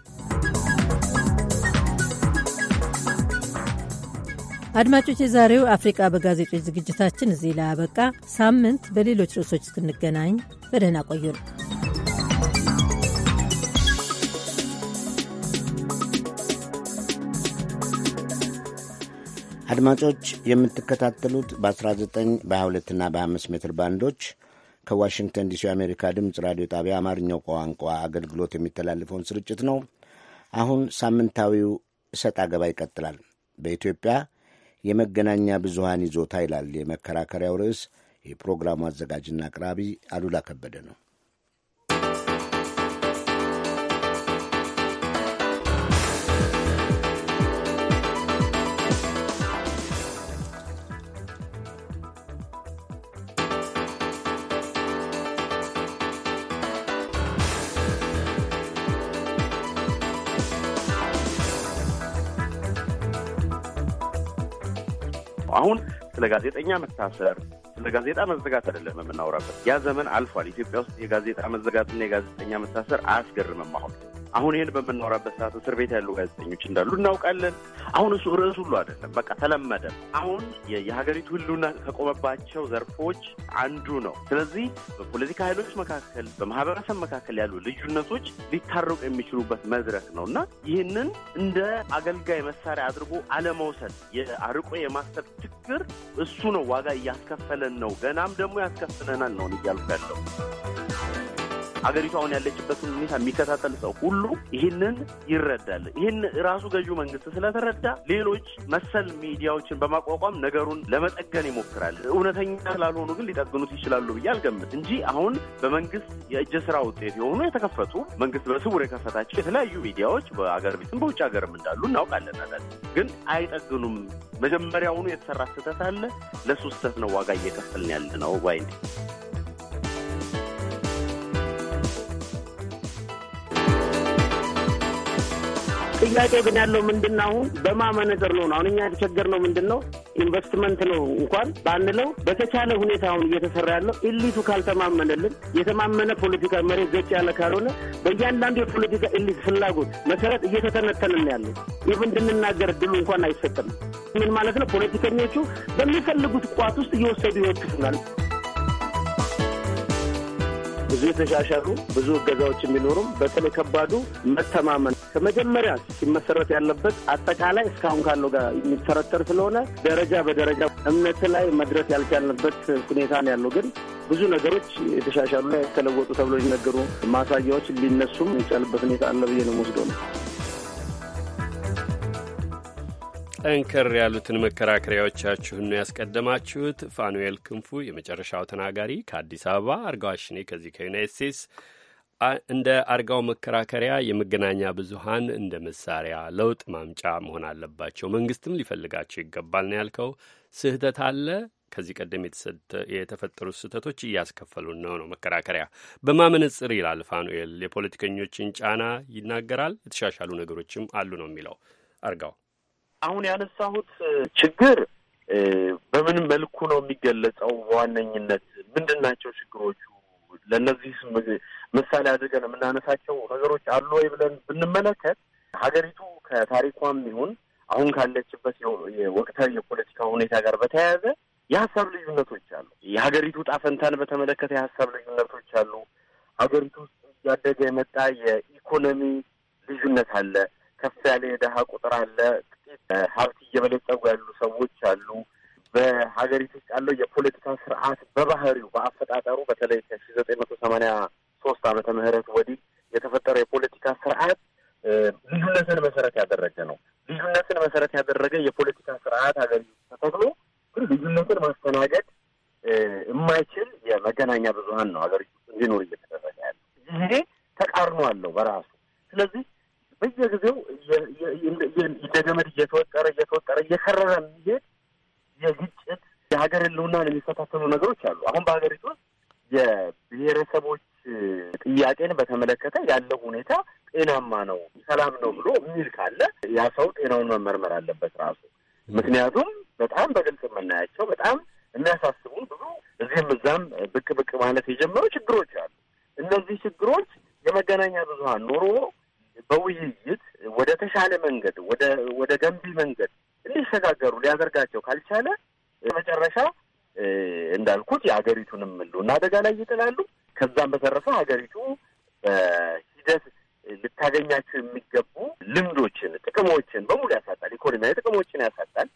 አድማጮች፣ የዛሬው አፍሪቃ በጋዜጦች ዝግጅታችን እዚህ ላይ አበቃ። ሳምንት በሌሎች ርዕሶች እስክንገናኝ በደህና ቆዩ ነው አድማጮች የምትከታተሉት በ19 በ22ና በ25 ሜትር ባንዶች ከዋሽንግተን ዲሲ የአሜሪካ ድምፅ ራዲዮ ጣቢያ አማርኛው ቋንቋ አገልግሎት የሚተላለፈውን ስርጭት ነው። አሁን ሳምንታዊው እሰጥ አገባ ይቀጥላል። በኢትዮጵያ የመገናኛ ብዙሃን ይዞታ ይላል የመከራከሪያው ርዕስ። የፕሮግራሙ አዘጋጅና አቅራቢ አሉላ ከበደ ነው። አሁን ስለ ጋዜጠኛ መታሰር፣ ስለ ጋዜጣ መዘጋት አይደለም የምናወራበት። ያ ዘመን አልፏል። ኢትዮጵያ ውስጥ የጋዜጣ መዘጋትና የጋዜጠኛ መታሰር አያስገርምም አሁን አሁን ይህን በምናወራበት ሰዓት እስር ቤት ያሉ ጋዜጠኞች እንዳሉ እናውቃለን። አሁን እሱ ርዕሱ ሁሉ አይደለም፣ በቃ ተለመደ። አሁን የሀገሪቱ ህልውና ከቆመባቸው ዘርፎች አንዱ ነው። ስለዚህ በፖለቲካ ኃይሎች መካከል፣ በማህበረሰብ መካከል ያሉ ልዩነቶች ሊታረቁ የሚችሉበት መድረክ ነው እና ይህንን እንደ አገልጋይ መሳሪያ አድርጎ አለመውሰድ የአርቆ የማሰብ ችግር እሱ ነው ዋጋ እያስከፈለን ነው። ገናም ደግሞ ያስከፍለናል ነው እያልኩ ያለው። አገሪቱ አሁን ያለችበትን ሁኔታ የሚከታተል ሰው ሁሉ ይህንን ይረዳል። ይህን ራሱ ገዢው መንግስት ስለተረዳ ሌሎች መሰል ሚዲያዎችን በማቋቋም ነገሩን ለመጠገን ይሞክራል። እውነተኛ ስላልሆኑ ግን ሊጠግኑት ይችላሉ ብዬ አልገምት እንጂ አሁን በመንግስት የእጅ ስራ ውጤት የሆኑ የተከፈቱ መንግስት በስውር የከፈታቸው የተለያዩ ሚዲያዎች በአገር ቤትም በውጭ ሀገርም እንዳሉ እናውቃለን። ግን አይጠግኑም። መጀመሪያውኑ የተሰራ ስህተት አለ። ለሱ ስህተት ነው ዋጋ እየከፈልን ያለ ነው ባይ ጥያቄ ግን ያለው ምንድን ነው? አሁን በማመነዘር ነው። አሁን እኛ የተቸገር ነው ምንድን ነው ኢንቨስትመንት ነው እንኳን ባንለው በተቻለ ሁኔታ አሁን እየተሰራ ያለው ኢሊቱ ካልተማመነልን የተማመነ ፖለቲካ መሬት ገጭ ያለ ካልሆነ በእያንዳንዱ የፖለቲካ ኢሊት ፍላጎት መሰረት እየተተነተንን ያለ ይህ እንድንናገር ድሉ እንኳን አይሰጥም። ምን ማለት ነው? ፖለቲከኞቹ በሚፈልጉት ቋት ውስጥ እየወሰዱ ይወክፍናል። ብዙ የተሻሻሉ ብዙ እገዛዎች የሚኖሩም በተለይ ከባዱ መተማመን ከመጀመሪያ ሲመሰረት ያለበት አጠቃላይ እስካሁን ካለው ጋር የሚተረተር ስለሆነ ደረጃ በደረጃ እምነት ላይ መድረስ ያልቻልንበት ሁኔታ ነው ያለው። ግን ብዙ ነገሮች የተሻሻሉ ላይ የተለወጡ ተብሎ ሊነገሩ ማሳያዎች ሊነሱም የሚቻልበት ሁኔታ አለ ብዬ ነው ወስዶ ነው። ጠንከር ያሉትን መከራከሪያዎቻችሁን ነው ያስቀደማችሁት። ፋኑኤል ክንፉ የመጨረሻው ተናጋሪ ከአዲስ አበባ፣ አርጋዋሽኔ ከዚህ ከዩናይት ስቴትስ እንደ አርጋው መከራከሪያ የመገናኛ ብዙሃን እንደ መሳሪያ ለውጥ ማምጫ መሆን አለባቸው፣ መንግስትም ሊፈልጋቸው ይገባል ነው ያልከው። ስህተት አለ። ከዚህ ቀደም የተፈጠሩ ስህተቶች እያስከፈሉን ነው ነው መከራከሪያ በማመነጽር ይላል ፋኑኤል። የፖለቲከኞችን ጫና ይናገራል። የተሻሻሉ ነገሮችም አሉ ነው የሚለው አርጋው። አሁን ያነሳሁት ችግር በምን መልኩ ነው የሚገለጸው? በዋነኝነት ምንድን ናቸው ችግሮቹ ለእነዚህ ምሳሌ አድርገን የምናነሳቸው ነገሮች አሉ ወይ ብለን ብንመለከት ሀገሪቱ ከታሪኳም ይሁን አሁን ካለችበት ወቅታዊ የፖለቲካ ሁኔታ ጋር በተያያዘ የሀሳብ ልዩነቶች አሉ። የሀገሪቱ ጣፈንታን በተመለከተ የሀሳብ ልዩነቶች አሉ። ሀገሪቱ ውስጥ እያደገ የመጣ የኢኮኖሚ ልዩነት አለ። ከፍ ያለ የድሀ ቁጥር አለ። ጥቂት ሀብት እየበለጸጉ ያሉ ሰዎች አሉ። በሀገሪቱ ውስጥ ያለው የፖለቲካ ስርዓት በባህሪው በአፈጣጠሩ በተለይ ከሺ ዘጠኝ መቶ ሰማኒያ ሶስት አመተ ምህረት ወዲህ የተፈጠረው የፖለቲካ ስርዓት ልዩነትን መሰረት ያደረገ ነው። ልዩነትን መሰረት ያደረገ የፖለቲካ ስርዓት ሀገሪቱ ተተክሎ ግን ልዩነትን ማስተናገድ የማይችል የመገናኛ ብዙሀን ነው ሀገሪቱ እንዲኖር እየተደረገ ያለ። ይሄ ተቃርኖ አለው በራሱ ስለዚህ በየጊዜው እንደ እየተወጠረ እየተወጠረ እየከረረ የሚሄድ የግጭት የሀገር ህልውናን የሚፈታተሉ ነገሮች አሉ። አሁን በሀገሪቱ ውስጥ የብሔረሰቦች ጥያቄን በተመለከተ ያለው ሁኔታ ጤናማ ነው፣ ሰላም ነው ብሎ የሚል ካለ ያ ሰው ጤናውን መመርመር አለበት ራሱ። ምክንያቱም በጣም በግልጽ የምናያቸው በጣም የሚያሳስቡ ብዙ እዚህም እዛም ብቅ ብቅ ማለት የጀመሩ ችግሮች አሉ። እነዚህ ችግሮች የመገናኛ ብዙሀን ኖሮ በውይይት ወደ ተሻለ መንገድ ወደ ገንቢ መንገድ እንዲሸጋገሩ ሊያደርጋቸው ካልቻለ መጨረሻ እንዳልኩት የሀገሪቱንም ሕልውና አደጋ ላይ ይጥላሉ። ከዛም በተረፈ ሀገሪቱ በሂደት ልታገኛቸው የሚገቡ ልምዶችን፣ ጥቅሞችን በሙሉ ያሳጣል። ኢኮኖሚያዊ ጥቅሞችን ያሳጣል።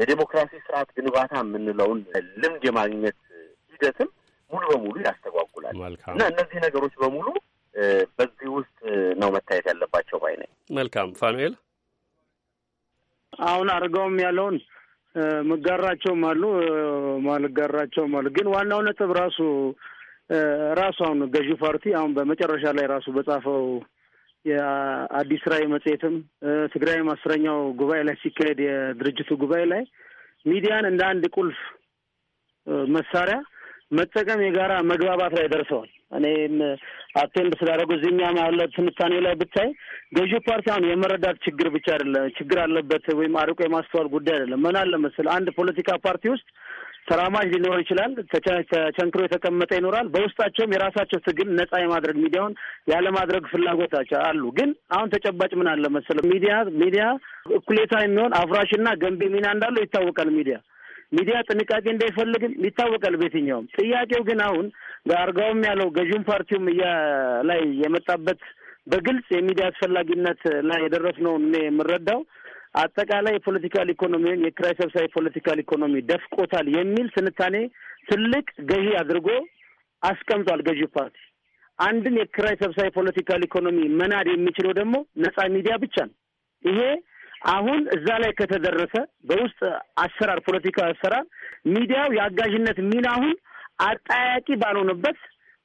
የዴሞክራሲ ስርዓት ግንባታ የምንለውን ልምድ የማግኘት ሂደትም ሙሉ በሙሉ ያስተጓጉላል እና እነዚህ ነገሮች በሙሉ በዚህ ውስጥ ነው መታየት ያለባቸው ባይ ነኝ። መልካም ፋኑኤል አሁን አድርገውም ያለውን መጋራቸውም አሉ ማልጋራቸውም አሉ። ግን ዋናው ነጥብ ራሱ ራሱ አሁን ገዢ ፓርቲ አሁን በመጨረሻ ላይ ራሱ በጻፈው የአዲስ ራዕይ መጽሔትም ትግራይም አስረኛው ጉባኤ ላይ ሲካሄድ የድርጅቱ ጉባኤ ላይ ሚዲያን እንደ አንድ ቁልፍ መሳሪያ መጠቀም የጋራ መግባባት ላይ ደርሰዋል። እኔም አቴንድ ስላደረጉ እዚህም ያለ ትንታኔ ላይ ብታይ ገዢ ፓርቲ አሁን የመረዳት ችግር ብቻ አይደለም ችግር አለበት ወይም አርቆ የማስተዋል ጉዳይ አይደለም። ምን አለ መሰለህ አንድ ፖለቲካ ፓርቲ ውስጥ ተራማጅ ሊኖር ይችላል፣ ተቸንክሮ የተቀመጠ ይኖራል። በውስጣቸውም የራሳቸው ትግል ነጻ የማድረግ ሚዲያውን ያለማድረግ ፍላጎታቸው አሉ። ግን አሁን ተጨባጭ ምን አለ መሰለህ ሚዲያ ሚዲያ እኩሌታ የሚሆን አፍራሽና ገንቢ ሚና እንዳለው ይታወቃል ሚዲያ ሚዲያ ጥንቃቄ እንዳይፈልግም ይታወቃል። በየትኛውም ጥያቄው ግን አሁን አርጋውም ያለው ገዥም ፓርቲውም እያ ላይ የመጣበት በግልጽ የሚዲያ አስፈላጊነት ላይ የደረስነውን እኔ የምረዳው አጠቃላይ የፖለቲካል ኢኮኖሚውን የኪራይ ሰብሳቢ ፖለቲካል ኢኮኖሚ ደፍቆታል የሚል ስንታኔ ትልቅ ገዢ አድርጎ አስቀምጧል። ገዢ ፓርቲ አንድን የኪራይ ሰብሳቢ ፖለቲካል ኢኮኖሚ መናድ የሚችለው ደግሞ ነጻ ሚዲያ ብቻ ነው። ይሄ አሁን እዛ ላይ ከተደረሰ በውስጥ አሰራር ፖለቲካዊ አሰራር ሚዲያው የአጋዥነት ሚናውን አጠያቂ ባልሆነበት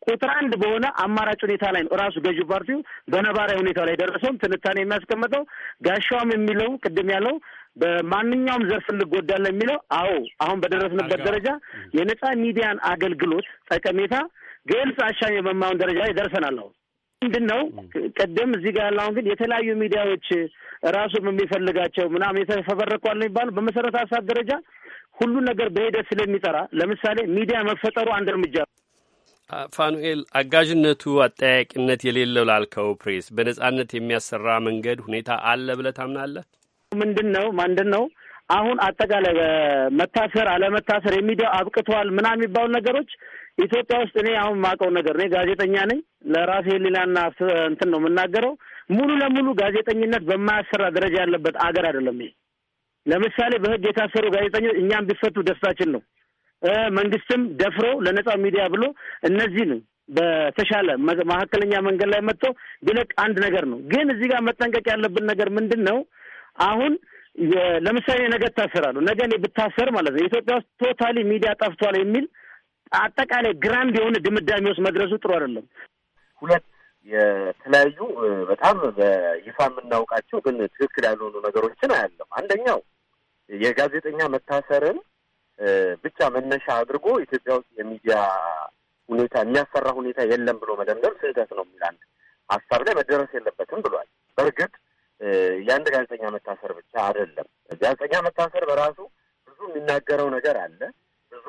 ቁጥር አንድ በሆነ አማራጭ ሁኔታ ላይ ነው ራሱ ገዢ ፓርቲው በነባራዊ ሁኔታ ላይ ደረሰውም ትንታኔ የሚያስቀምጠው ጋሻውም የሚለው ቅድም ያለው በማንኛውም ዘርፍ እንጎዳለን የሚለው አዎ፣ አሁን በደረስንበት ደረጃ የነጻ ሚዲያን አገልግሎት ጠቀሜታ ግልጽ አሻሚ በማሁን ደረጃ ላይ ደርሰናል አሁን ምንድን ነው ቀደም እዚህ ጋር ያለው አሁን ግን የተለያዩ ሚዲያዎች ራሱም የሚፈልጋቸው ምናምን የተፈበረኳል ነው የሚባለው። በመሰረተ ሀሳብ ደረጃ ሁሉን ነገር በሂደት ስለሚጠራ ለምሳሌ ሚዲያ መፈጠሩ አንድ እርምጃ ፋኑኤል አጋዥነቱ አጠያቂነት የሌለው ላልከው ፕሬስ በነጻነት የሚያሰራ መንገድ ሁኔታ አለ ብለህ ታምናለህ? ምንድን ነው ማንድን ነው አሁን አጠቃላይ በመታሰር አለመታሰር የሚዲያው አብቅተዋል ምናምን የሚባሉ ነገሮች ኢትዮጵያ ውስጥ እኔ አሁን የማውቀው ነገር እኔ ጋዜጠኛ ነኝ። ለራሴ ሌላና እንትን ነው የምናገረው። ሙሉ ለሙሉ ጋዜጠኝነት በማያሰራ ደረጃ ያለበት አገር አይደለም ይሄ። ለምሳሌ በህግ የታሰሩ ጋዜጠኞች እኛም ቢፈቱ ደስታችን ነው። መንግስትም ደፍሮ ለነጻ ሚዲያ ብሎ እነዚህን በተሻለ መካከለኛ መንገድ ላይ መጥቶ ቢለቅ አንድ ነገር ነው። ግን እዚህ ጋር መጠንቀቅ ያለብን ነገር ምንድን ነው? አሁን ለምሳሌ ነገ እታሰራለሁ። ነገ እኔ ብታሰር ማለት ነው ኢትዮጵያ ውስጥ ቶታሊ ሚዲያ ጠፍቷል የሚል አጠቃላይ ግራንድ የሆነ ድምዳሜ ውስጥ መድረሱ ጥሩ አይደለም። ሁለት የተለያዩ በጣም በይፋ የምናውቃቸው ግን ትክክል ያልሆኑ ነገሮችን አያለም። አንደኛው የጋዜጠኛ መታሰርን ብቻ መነሻ አድርጎ ኢትዮጵያ ውስጥ የሚዲያ ሁኔታ የሚያሰራ ሁኔታ የለም ብሎ መደምደም ስህተት ነው የሚል አንድ ሀሳብ ላይ መደረስ የለበትም ብሏል። በእርግጥ የአንድ ጋዜጠኛ መታሰር ብቻ አይደለም። ጋዜጠኛ መታሰር በራሱ ብዙ የሚናገረው ነገር አለ፣ ብዙ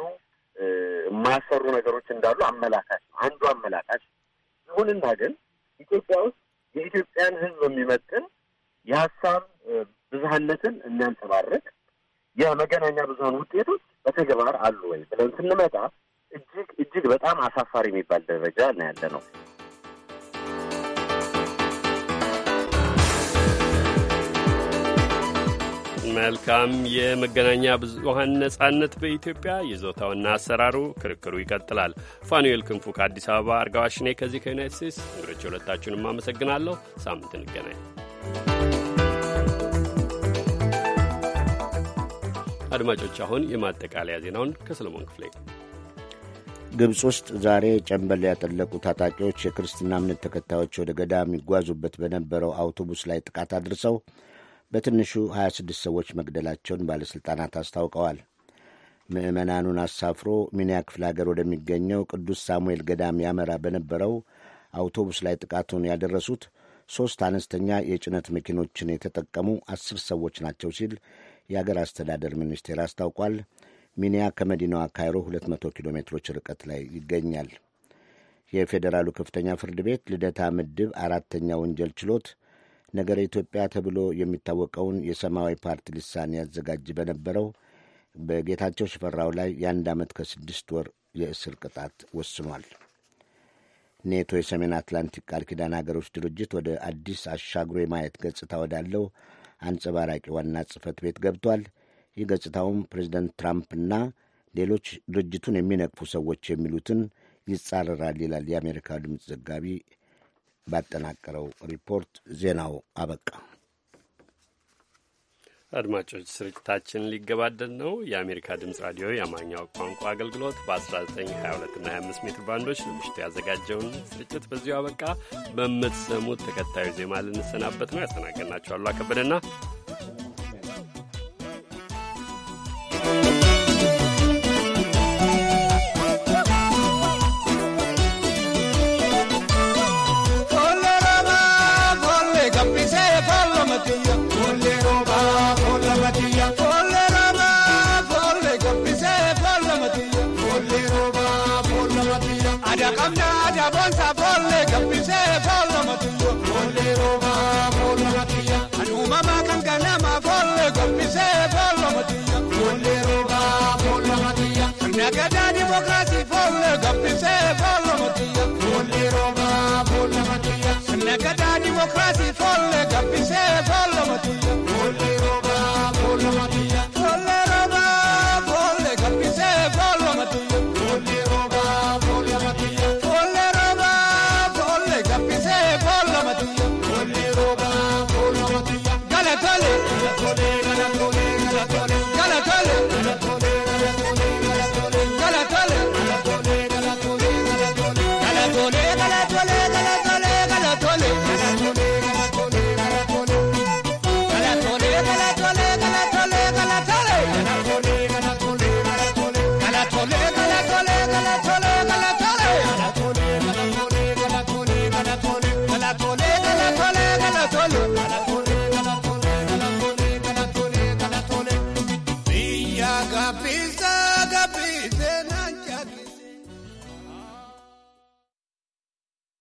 የማያሰሩ ነገሮች እንዳሉ አመላካች ነው፣ አንዱ አመላካች። ይሁንና ግን ኢትዮጵያ ውስጥ የኢትዮጵያን ሕዝብ የሚመጥን የሀሳብ ብዝሃነትን የሚያንጸባርቅ የመገናኛ ብዙሀን ውጤቶች በተግባር አሉ ወይ ብለን ስንመጣ እጅግ እጅግ በጣም አሳፋሪ የሚባል ደረጃ ነው ያለ ነው። መልካም የመገናኛ ብዙሀን ነጻነት በኢትዮጵያ ይዞታውና አሰራሩ ክርክሩ ይቀጥላል። ፋኑኤል ክንፉ ከአዲስ አበባ፣ አርጋዋሽኔ ከዚህ ከዩናይት ስቴትስ እንግዶች ሁለታችሁንም አመሰግናለሁ። ሳምንት እንገናኝ። አድማጮች አሁን የማጠቃለያ ዜናውን ከሰለሞን ክፍሌ። ግብፅ ውስጥ ዛሬ ጨንበል ያጠለቁ ታጣቂዎች የክርስትና እምነት ተከታዮች ወደ ገዳ የሚጓዙበት በነበረው አውቶቡስ ላይ ጥቃት አድርሰው በትንሹ 26 ሰዎች መግደላቸውን ባለሥልጣናት አስታውቀዋል። ምዕመናኑን አሳፍሮ ሚኒያ ክፍለ ሀገር ወደሚገኘው ቅዱስ ሳሙኤል ገዳም ያመራ በነበረው አውቶቡስ ላይ ጥቃቱን ያደረሱት ሦስት አነስተኛ የጭነት መኪኖችን የተጠቀሙ አስር ሰዎች ናቸው ሲል የአገር አስተዳደር ሚኒስቴር አስታውቋል። ሚኒያ ከመዲናዋ ካይሮ 200 ኪሎ ሜትሮች ርቀት ላይ ይገኛል። የፌዴራሉ ከፍተኛ ፍርድ ቤት ልደታ ምድብ አራተኛ ወንጀል ችሎት ነገረ ኢትዮጵያ ተብሎ የሚታወቀውን የሰማያዊ ፓርቲ ልሳን ያዘጋጅ በነበረው በጌታቸው ሽፈራው ላይ የአንድ ዓመት ከስድስት ወር የእስር ቅጣት ወስኗል። ኔቶ የሰሜን አትላንቲክ ቃል ኪዳን ሀገሮች ድርጅት ወደ አዲስ አሻግሮ የማየት ገጽታ ወዳለው አንጸባራቂ ዋና ጽህፈት ቤት ገብቷል። ይህ ገጽታውም ፕሬዚደንት ትራምፕና ሌሎች ድርጅቱን የሚነቅፉ ሰዎች የሚሉትን ይጻረራል ይላል የአሜሪካ ድምፅ ዘጋቢ ባጠናቀረው ሪፖርት ዜናው አበቃ። አድማጮች ስርጭታችን ሊገባደድ ነው። የአሜሪካ ድምፅ ራዲዮ የአማርኛው ቋንቋ አገልግሎት በ1922 እና 25 ሜትር ባንዶች ለምሽቱ ያዘጋጀውን ስርጭት በዚሁ አበቃ። በምትሰሙት ተከታዩ ዜማ ልንሰናበት ነው። ያስተናገድናቸው አሉ ከበደና Musee fool'amatiya. Fuulli roomaa fuul'amatiya. Nagadaa dimookiraasii fool'e gabbisee fool'amatiya.